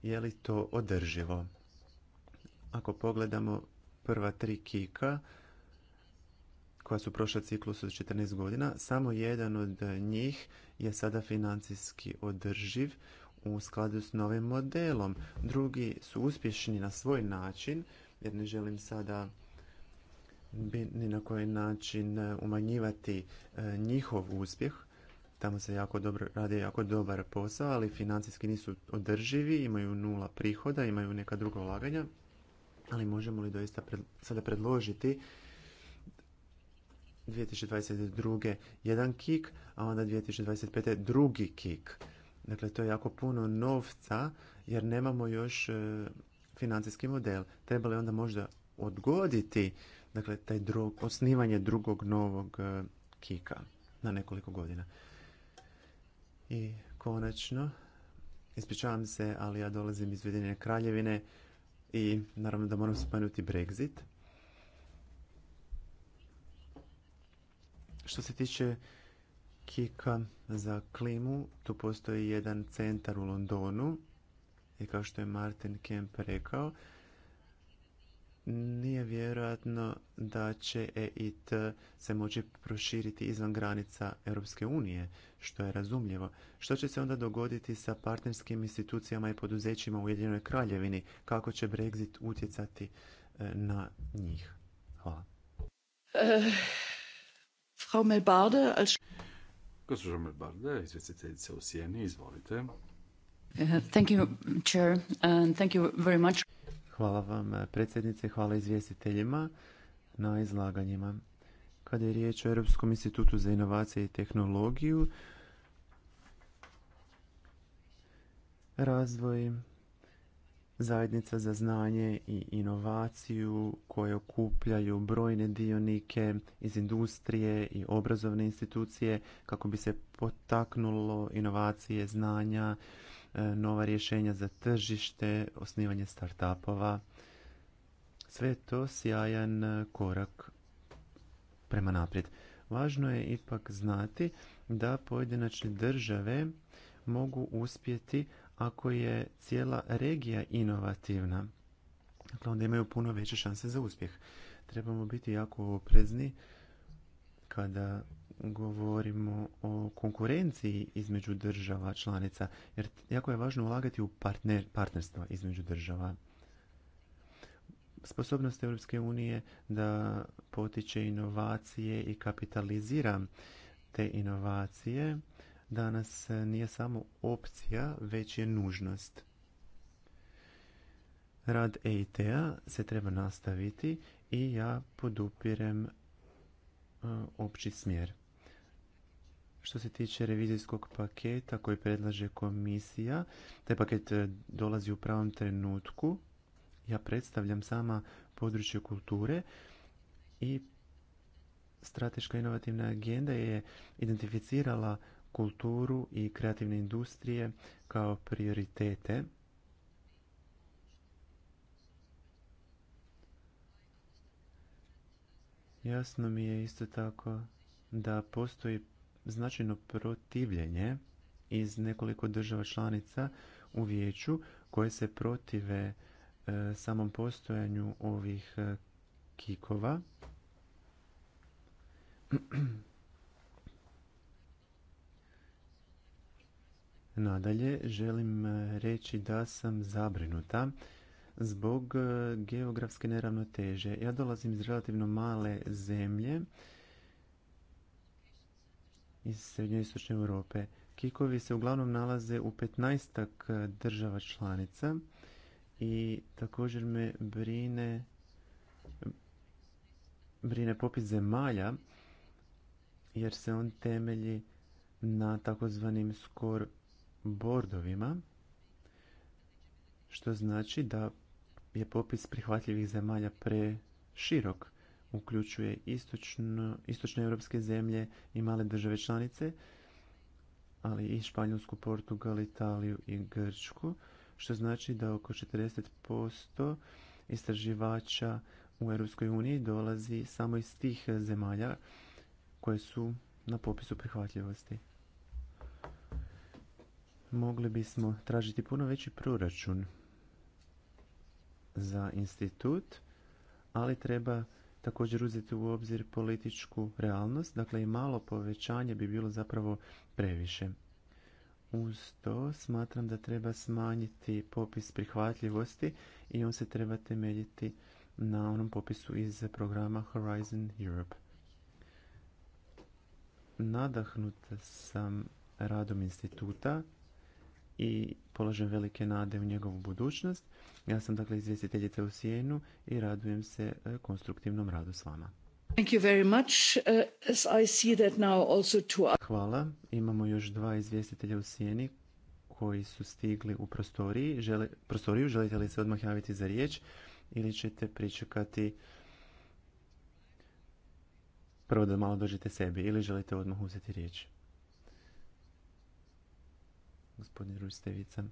je li to održivo. Ako pogledamo prva tri kika koja su prošla ciklus od 14 godina, samo jedan od njih je sada financijski održiv u skladu s novim modelom. Drugi su uspješni na svoj način, jer ne želim sada ni na koji način umanjivati e, njihov uspjeh, Tamo se jako dobro, radi jako dobar posao, ali financijski nisu održivi, imaju nula prihoda, imaju neka druga ulaganja. Ali možemo li doista sada predložiti 2022. jedan kik, a onda 2025. drugi kik. Dakle, to je jako puno novca jer nemamo još e, financijski model. Treba li onda možda odgoditi dakle, taj osnivanje drugog novog e, kika na nekoliko godina? I konačno, ispričavam se, ali ja dolazim iz Ujedinjene kraljevine i naravno da moram spomenuti Brexit. Što se tiče Kika za klimu, tu postoji jedan centar u Londonu i kao što je Martin Kemp rekao, nije vjerojatno da će EIT se moći proširiti izvan granica Europske unije, što je razumljivo. Što će se onda dogoditi sa partnerskim institucijama i poduzećima u Ujedinjenoj Kraljevini? Kako će Brexit utjecati e, na njih? Hvala. E, Melbarde, als... Melbarde, izvolite. Uh, thank you, Chair, and thank you very much. Hvala vam eh, predsjednice, hvala izvjestiteljima na izlaganjima. Kada je riječ o Europskom institutu za inovacije i tehnologiju, razvoj zajednica za znanje i inovaciju koje okupljaju brojne dionike iz industrije i obrazovne institucije kako bi se potaknulo inovacije, znanja E, nova rješenja za tržište, osnivanje startupova. Sve je to sjajan e, korak prema naprijed. Važno je ipak znati da pojedinačne države mogu uspjeti ako je cijela regija inovativna. Dakle, onda imaju puno veće šanse za uspjeh. Trebamo biti jako oprezni kada govorimo o konkurenciji između država članica, jer jako je važno ulagati u partner, partnerstva između država. Sposobnost Europske unije da potiče inovacije i kapitalizira te inovacije danas nije samo opcija, već je nužnost. Rad EIT-a se treba nastaviti i ja podupirem e, opći smjer. Što se tiče revizijskog paketa koji predlaže komisija, taj paket e, dolazi u pravom trenutku. Ja predstavljam sama područje kulture i strateška inovativna agenda je identificirala kulturu i kreativne industrije kao prioritete. Jasno mi je isto tako da postoji značajno protivljenje iz nekoliko država članica u vijeću koje se protive e, samom postojanju ovih e, kikova. Nadalje želim e, reći da sam zabrinuta zbog geografske neravnoteže. Ja dolazim iz relativno male zemlje iz srednjoistočne Europe. Kikovi se uglavnom nalaze u 15 država članica i također me brine popis zemalja jer se on temelji na takozvanim skor bordovima što znači da je popis prihvatljivih zemalja preširok uključuje istočno, istočne europske zemlje i male države članice, ali i Španjolsku, Portugal, Italiju i Grčku, što znači da oko 40% istraživača u Europskoj uniji dolazi samo iz tih zemalja koje su na popisu prihvatljivosti. Mogli bismo tražiti puno veći proračun za institut, ali treba također uzeti u obzir političku realnost, dakle i malo povećanje bi bilo zapravo previše. Uz to smatram da treba smanjiti popis prihvatljivosti i on se treba temeljiti na onom popisu iz programa Horizon Europe. Nadahnut sam radom instituta i položim velike nade u njegovu budućnost. Ja sam dakle izvjestiteljica u Sijenu i radujem se e, konstruktivnom radu s vama. Hvala. Imamo još dva izvjestitelja u Sijeni koji su stigli u prostoriji. Žele, prostoriju. Želite li se odmah javiti za riječ ili ćete pričekati prvo da malo dođete sebi ili želite odmah uzeti riječ? gospodin Rustevica.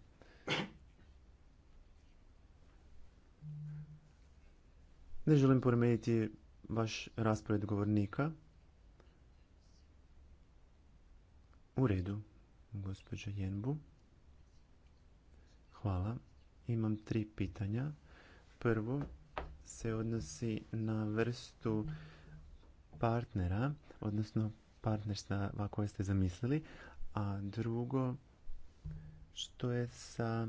Ne želim poremeniti vaš raspored govornika. U redu, gospođa Jenbu. Hvala. Imam tri pitanja. Prvo se odnosi na vrstu partnera, odnosno partnerstva koje ste zamislili, a drugo što je sa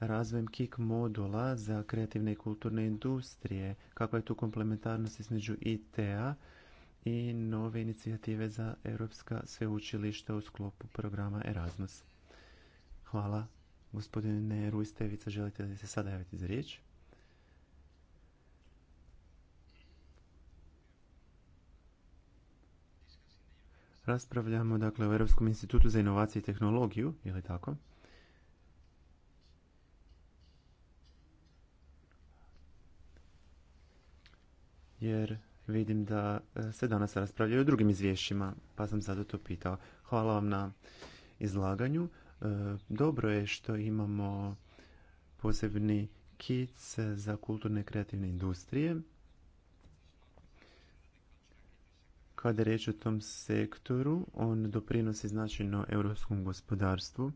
razvojem KIK modula za kreativne i kulturne industrije, kakva je tu komplementarnost između IT-a i nove inicijative za europska sveučilišta u sklopu programa Erasmus. Hvala. Gospodine Rujstevica, želite li se sada javiti za riječ? Raspravljamo dakle o Europskom institutu za inovacije i tehnologiju, ili tako? jer vidim da e, se danas raspravljaju o drugim izvješćima, pa sam zato to pitao. Hvala vam na izlaganju. E, dobro je što imamo posebni kit za kulturne kreativne industrije. Kada je o tom sektoru, on doprinosi značajno europskom gospodarstvu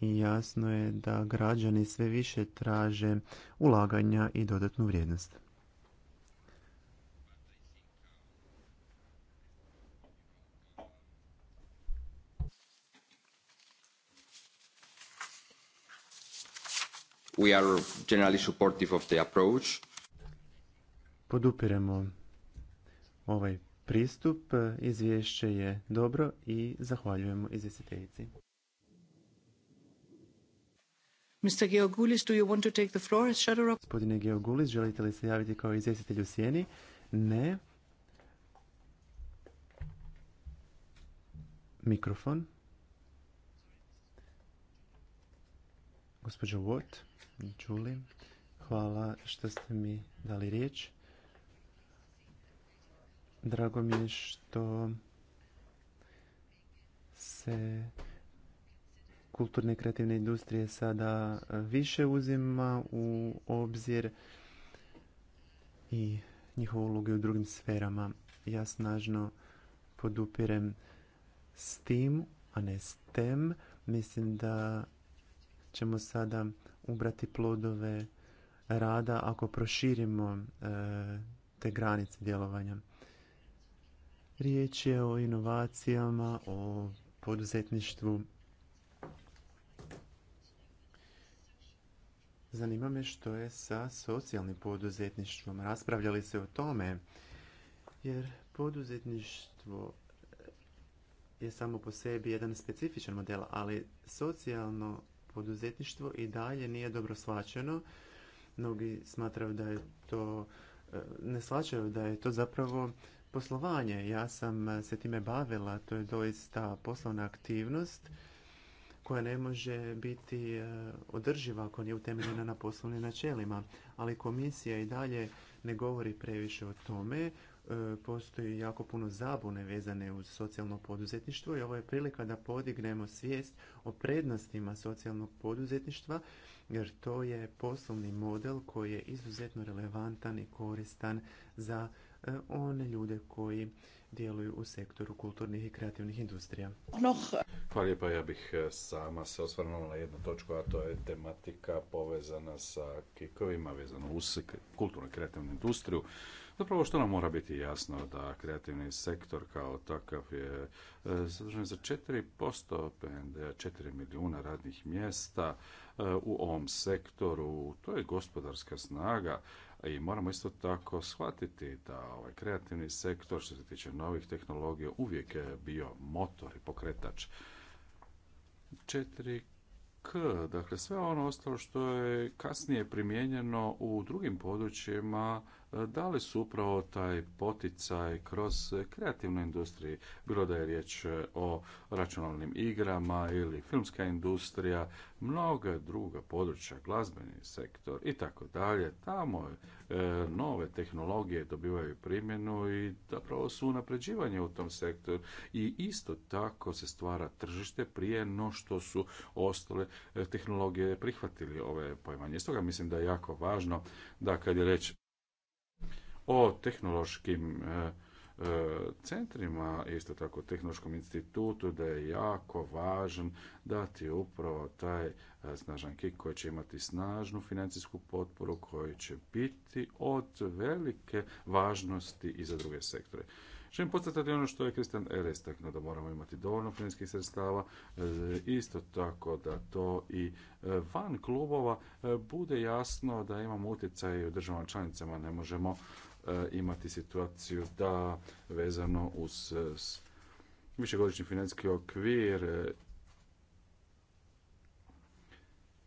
i jasno je da građani sve više traže ulaganja i dodatnu vrijednost. we are generally supportive of the approach. Podupiremo ovaj pristup, izvješće je dobro i zahvaljujemo izvjestiteljici. Mr. Georgoulis, do you want to take the floor as shadow Gospodine Georgoulis, želite li se javiti kao izvjestitelj u sjeni? Ne. Mikrofon. Gospođo Watt čuli. Hvala što ste mi dali riječ. Drago mi je što se kulturne i kreativne industrije sada više uzima u obzir i njihove uloge u drugim sferama. Ja snažno podupirem s tim, e a ne s tem. Mislim da ćemo sada ubrati plodove rada ako proširimo e, te granice djelovanja. Riječ je o inovacijama, o poduzetništvu. Zanima me što je sa socijalnim poduzetništvom. Raspravljali se o tome jer poduzetništvo je samo po sebi jedan specifičan model, ali socijalno poduzetništvo i dalje nije dobro shvaćeno. Mnogi smatraju da je to, e, ne shvaćaju da je to zapravo poslovanje. Ja sam e, se time bavila, to je doista poslovna aktivnost koja ne može biti e, održiva ako nije utemeljena na poslovnim načelima. Ali komisija i dalje ne govori previše o tome. E, postoji jako puno zabune vezane uz socijalno poduzetništvo i ovo je prilika da podignemo svijest o prednostima socijalnog poduzetništva jer to je poslovni model koji je izuzetno relevantan i koristan za Eh, one ljude koji djeluju u sektoru kulturnih i kreativnih industrija. Eh, Hvala lijepa, ja bih eh, sama se osvrnula na jednu točku, a to je tematika povezana sa kikovima, vezano uz kulturnu i kreativnu industriju. Zapravo što nam mora biti jasno da kreativni sektor kao takav je zadužen za 4% PND, 4 milijuna radnih mjesta u ovom sektoru. To je gospodarska snaga i moramo isto tako shvatiti da ovaj kreativni sektor što se tiče novih tehnologija uvijek je bio motor i pokretač. 4K, dakle sve ono ostalo što je kasnije primijenjeno u drugim područjima E, da li su upravo taj poticaj kroz kreativnu industriju, bilo da je riječ e, o računalnim igrama ili filmska industrija, mnoga druga područja, glazbeni sektor i tako dalje, tamo e, nove tehnologije dobivaju primjenu i zapravo su unapređivanje u tom sektoru i isto tako se stvara tržište prije no što su ostale tehnologije prihvatili ove pojmanje. Stoga mislim da je jako važno da kad je reč o tehnološkim e, e, centrima, isto tako tehnološkom institutu, da je jako važan dati upravo taj e, snažan kik koji će imati snažnu financijsku potporu koji će biti od velike važnosti i za druge sektore. Želim podcrtati ono što je Kristjan R. da moramo imati dovoljno financijskih sredstava, isto tako da to i van klubova bude jasno da imamo utjecaj u državama članicama, ne možemo E, imati situaciju da vezano uz e, višegodišnji financijski okvir e,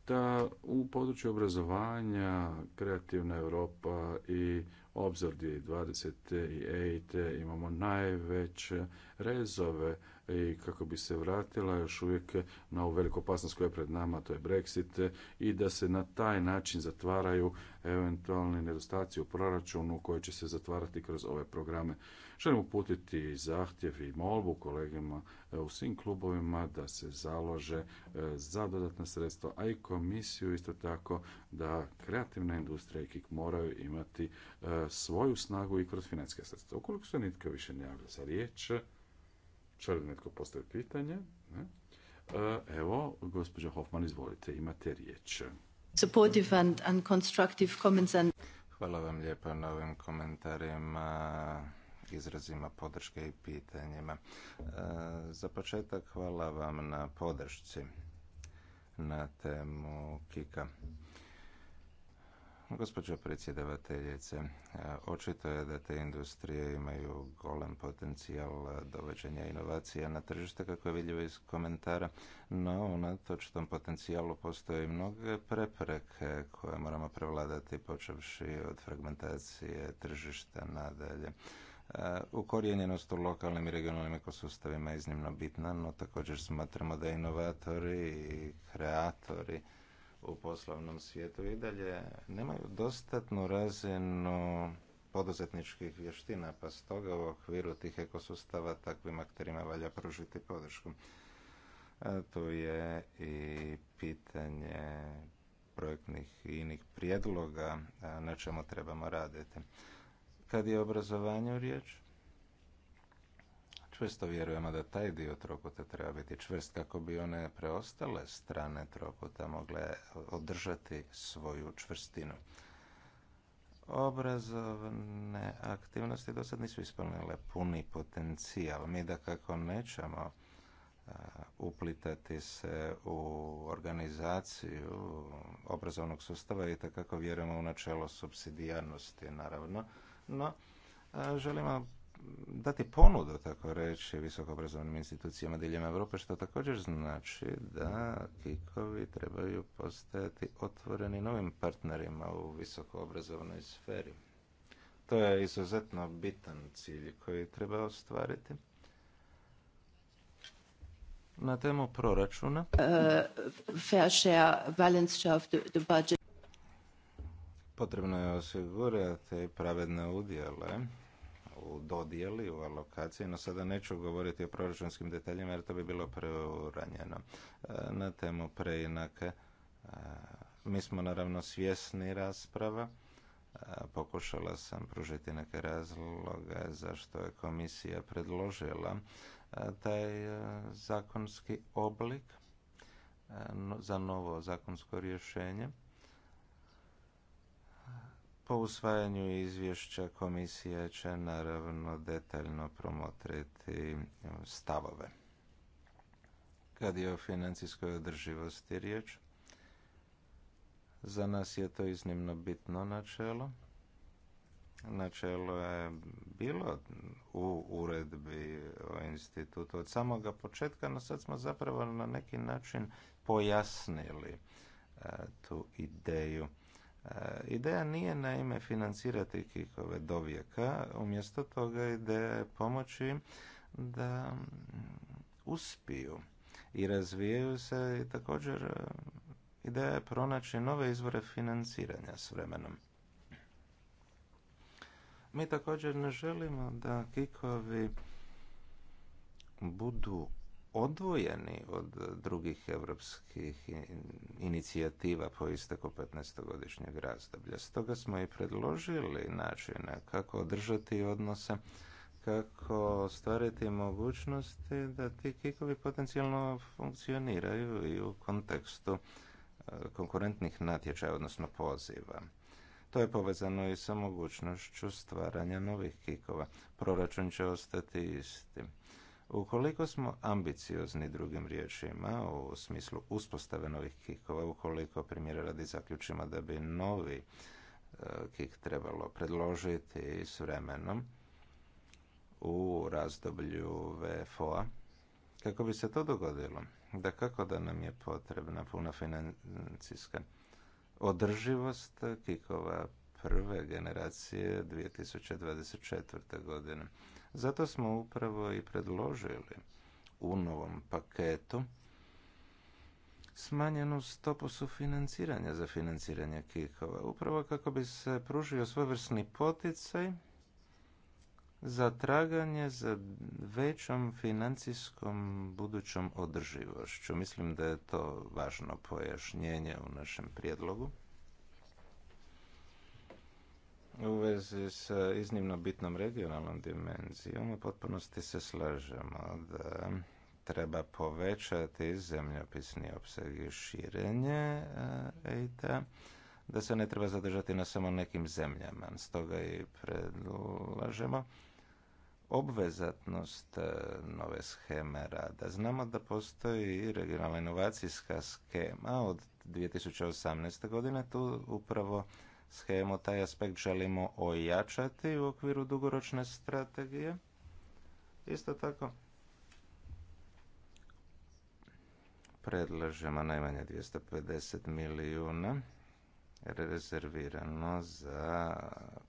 da u području obrazovanja kreativna Europa i obzor 2020. i EIT imamo najveće rezove i kako bi se vratila još uvijek na ovu veliku opasnost koja je pred nama, to je Brexit, i da se na taj način zatvaraju eventualni nedostaci u proračunu koji će se zatvarati kroz ove programe. Želim uputiti zahtjev i molbu kolegama e, u svim klubovima da se založe e, za dodatna sredstva, a i komisiju isto tako da kreativna industrija i KIK moraju imati e, svoju snagu i kroz financijske sredstva. Ukoliko se nitko više ne javlja za riječ, li netko postaviti pitanje? Ne? Evo, gospođa Hoffman, izvolite, imate riječ. Supportive and, Hvala vam lijepa na ovim komentarima izrazima podrške i pitanjima. E, za početak hvala vam na podršci na temu Kika. Gospođo predsjedavateljice, e, očito je da te industrije imaju golem potencijal dovođenja inovacija na tržište, kako je vidljivo iz komentara, no unatoč tom potencijalu postoje mnoge prepreke koje moramo prevladati, počevši od fragmentacije tržišta nadalje Uh, ukorijenjenost u lokalnim i regionalnim ekosustavima je iznimno bitna, no također smatramo da inovatori i kreatori u poslovnom svijetu i dalje nemaju dostatnu razinu poduzetničkih vještina, pa stoga u okviru tih ekosustava takvim akterima valja pružiti podršku. tu je i pitanje projektnih i inih prijedloga na čemu trebamo raditi. Kad je obrazovanju riječ, čvrsto vjerujemo da taj dio trokuta treba biti čvrst kako bi one preostale strane trokuta mogle održati svoju čvrstinu. Obrazovne aktivnosti do sad nisu ispunile puni potencijal. Mi da kako nećemo uplitati se u organizaciju obrazovnog sustava i takako vjerujemo u načelo subsidijarnosti, naravno no želimo dati ponudu, tako reći, visokoobrazovnim institucijama diljem Europe, što također znači da kikovi trebaju postajati otvoreni novim partnerima u visokoobrazovnoj sferi. To je izuzetno bitan cilj koji treba ostvariti. Na temu proračuna. Uh, fair share, budget. Potrebno je osigurati pravedne udjele u dodjeli, u alokaciji, no sada neću govoriti o proračunskim detaljima jer to bi bilo preuranjeno. E, na temu preinake e, mi smo naravno svjesni rasprava. E, pokušala sam pružiti neke razloge zašto je komisija predložila taj zakonski oblik za novo zakonsko rješenje po usvajanju izvješća komisija će naravno detaljno promotriti um, stavove. Kad je o financijskoj održivosti riječ, za nas je to iznimno bitno načelo. Načelo je bilo u uredbi o institutu od samoga početka, no sad smo zapravo na neki način pojasnili uh, tu ideju E, ideja nije naime financirati kikove do vijeka, umjesto toga ideja je pomoći da mm, uspiju i razvijaju se i također e, ideja je pronaći nove izvore financiranja s vremenom. Mi također ne želimo da kikovi budu odvojeni od drugih evropskih inicijativa po isteku 15-godišnjeg razdoblja. Stoga smo i predložili načine kako održati odnose, kako stvariti mogućnosti da ti kikovi potencijalno funkcioniraju i u kontekstu e, konkurentnih natječaja, odnosno poziva. To je povezano i sa mogućnošću stvaranja novih kikova. Proračun će ostati isti. Ukoliko smo ambiciozni drugim riječima u smislu uspostave novih kikova, ukoliko primjera radi zaključima da bi novi e, kik trebalo predložiti s vremenom u razdoblju VFO-a, kako bi se to dogodilo, da kako da nam je potrebna puna financijska održivost kikova prve generacije 2024. godine. Zato smo upravo i predložili u novom paketu smanjenu stopu sufinanciranja za financiranje kikova, upravo kako bi se pružio svojevrsni poticaj za traganje za većom financijskom budućom održivošću. Mislim da je to važno pojašnjenje u našem prijedlogu u vezi s iznimno bitnom regionalnom dimenzijom u potpunosti se slažemo da treba povećati zemljopisni opseg i širenje EIT-a, da se ne treba zadržati na samo nekim zemljama. Stoga i predlažemo obvezatnost e, nove scheme rada. Znamo da postoji regionalna inovacijska schema od 2018. godine, tu upravo schemu, taj aspekt želimo ojačati u okviru dugoročne strategije. Isto tako, predlažemo najmanje 250 milijuna rezervirano za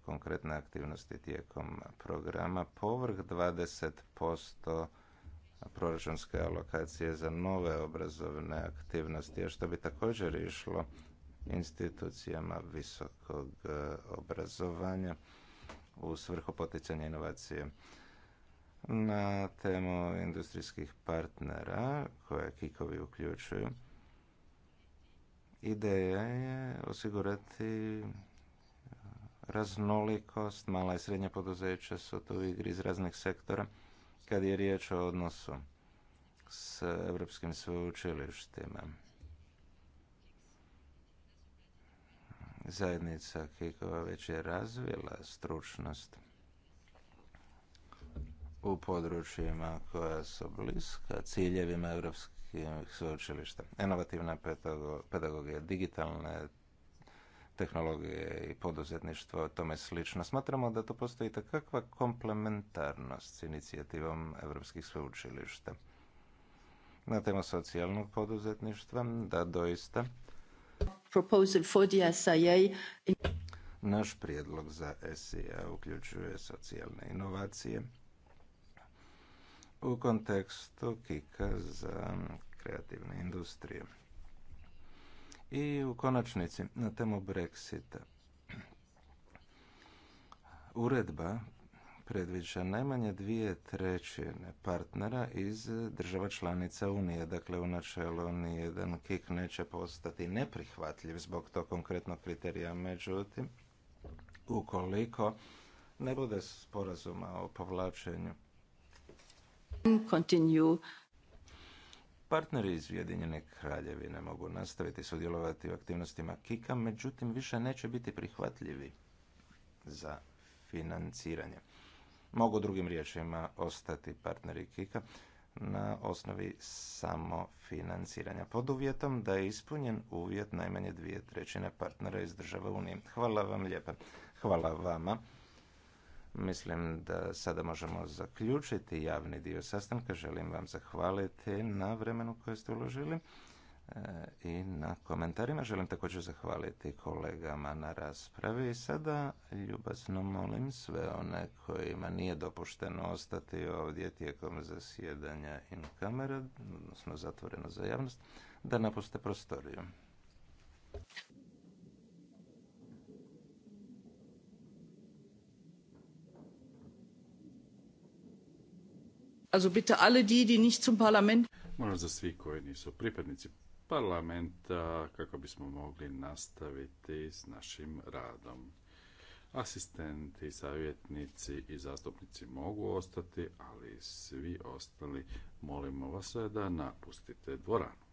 konkretne aktivnosti tijekom programa povrh 20% proračunske alokacije za nove obrazovne aktivnosti, a što bi također išlo institucijama visokog e, obrazovanja u svrhu poticanja inovacije. Na temu industrijskih partnera koje kikovi uključuju, ideja je osigurati raznolikost. Mala i srednja poduzeća su tu igri iz raznih sektora kad je riječ o odnosu s europskim sveučilištima Zajednica Kikova već je razvila stručnost u područjima koja su bliska ciljevima europskih sveučilišta. Inovativna pedagogija, digitalne tehnologije i poduzetništvo, tome slično. Smatramo da to postoji takakva komplementarnost s inicijativom europskih sveučilišta. Na temu socijalnog poduzetništva, da doista naš prijedlog za SIA uključuje socijalne inovacije u kontekstu kika za kreativne industrije. I u konačnici, na temu Brexita, uredba predviđa najmanje dvije trećine partnera iz država članica Unije. Dakle, u načelu nijedan kik neće postati neprihvatljiv zbog tog konkretnog kriterija. Međutim, ukoliko ne bude sporazuma o povlačenju, Partneri iz Ujedinjene kraljevine mogu nastaviti sudjelovati u aktivnostima KIKA, međutim više neće biti prihvatljivi za financiranje mogu drugim riječima ostati partneri KIKA na osnovi samo financiranja pod uvjetom da je ispunjen uvjet najmanje dvije trećine partnera iz države Unije. Hvala vam lijepa. Hvala vama. Mislim da sada možemo zaključiti javni dio sastanka. Želim vam zahvaliti na vremenu koje ste uložili. E, i na komentarima. Želim također zahvaliti kolegama na raspravi. I sada ljubazno molim sve one kojima nije dopušteno ostati ovdje tijekom zasjedanja in kamera, odnosno zatvoreno za javnost, da napuste prostoriju. Also bitte alle die, die nicht zum Parlament... Molim za svi koji nisu pripadnici parlamenta kako bismo mogli nastaviti s našim radom. Asistenti, savjetnici i zastupnici mogu ostati, ali svi ostali molimo vas da napustite dvoranu.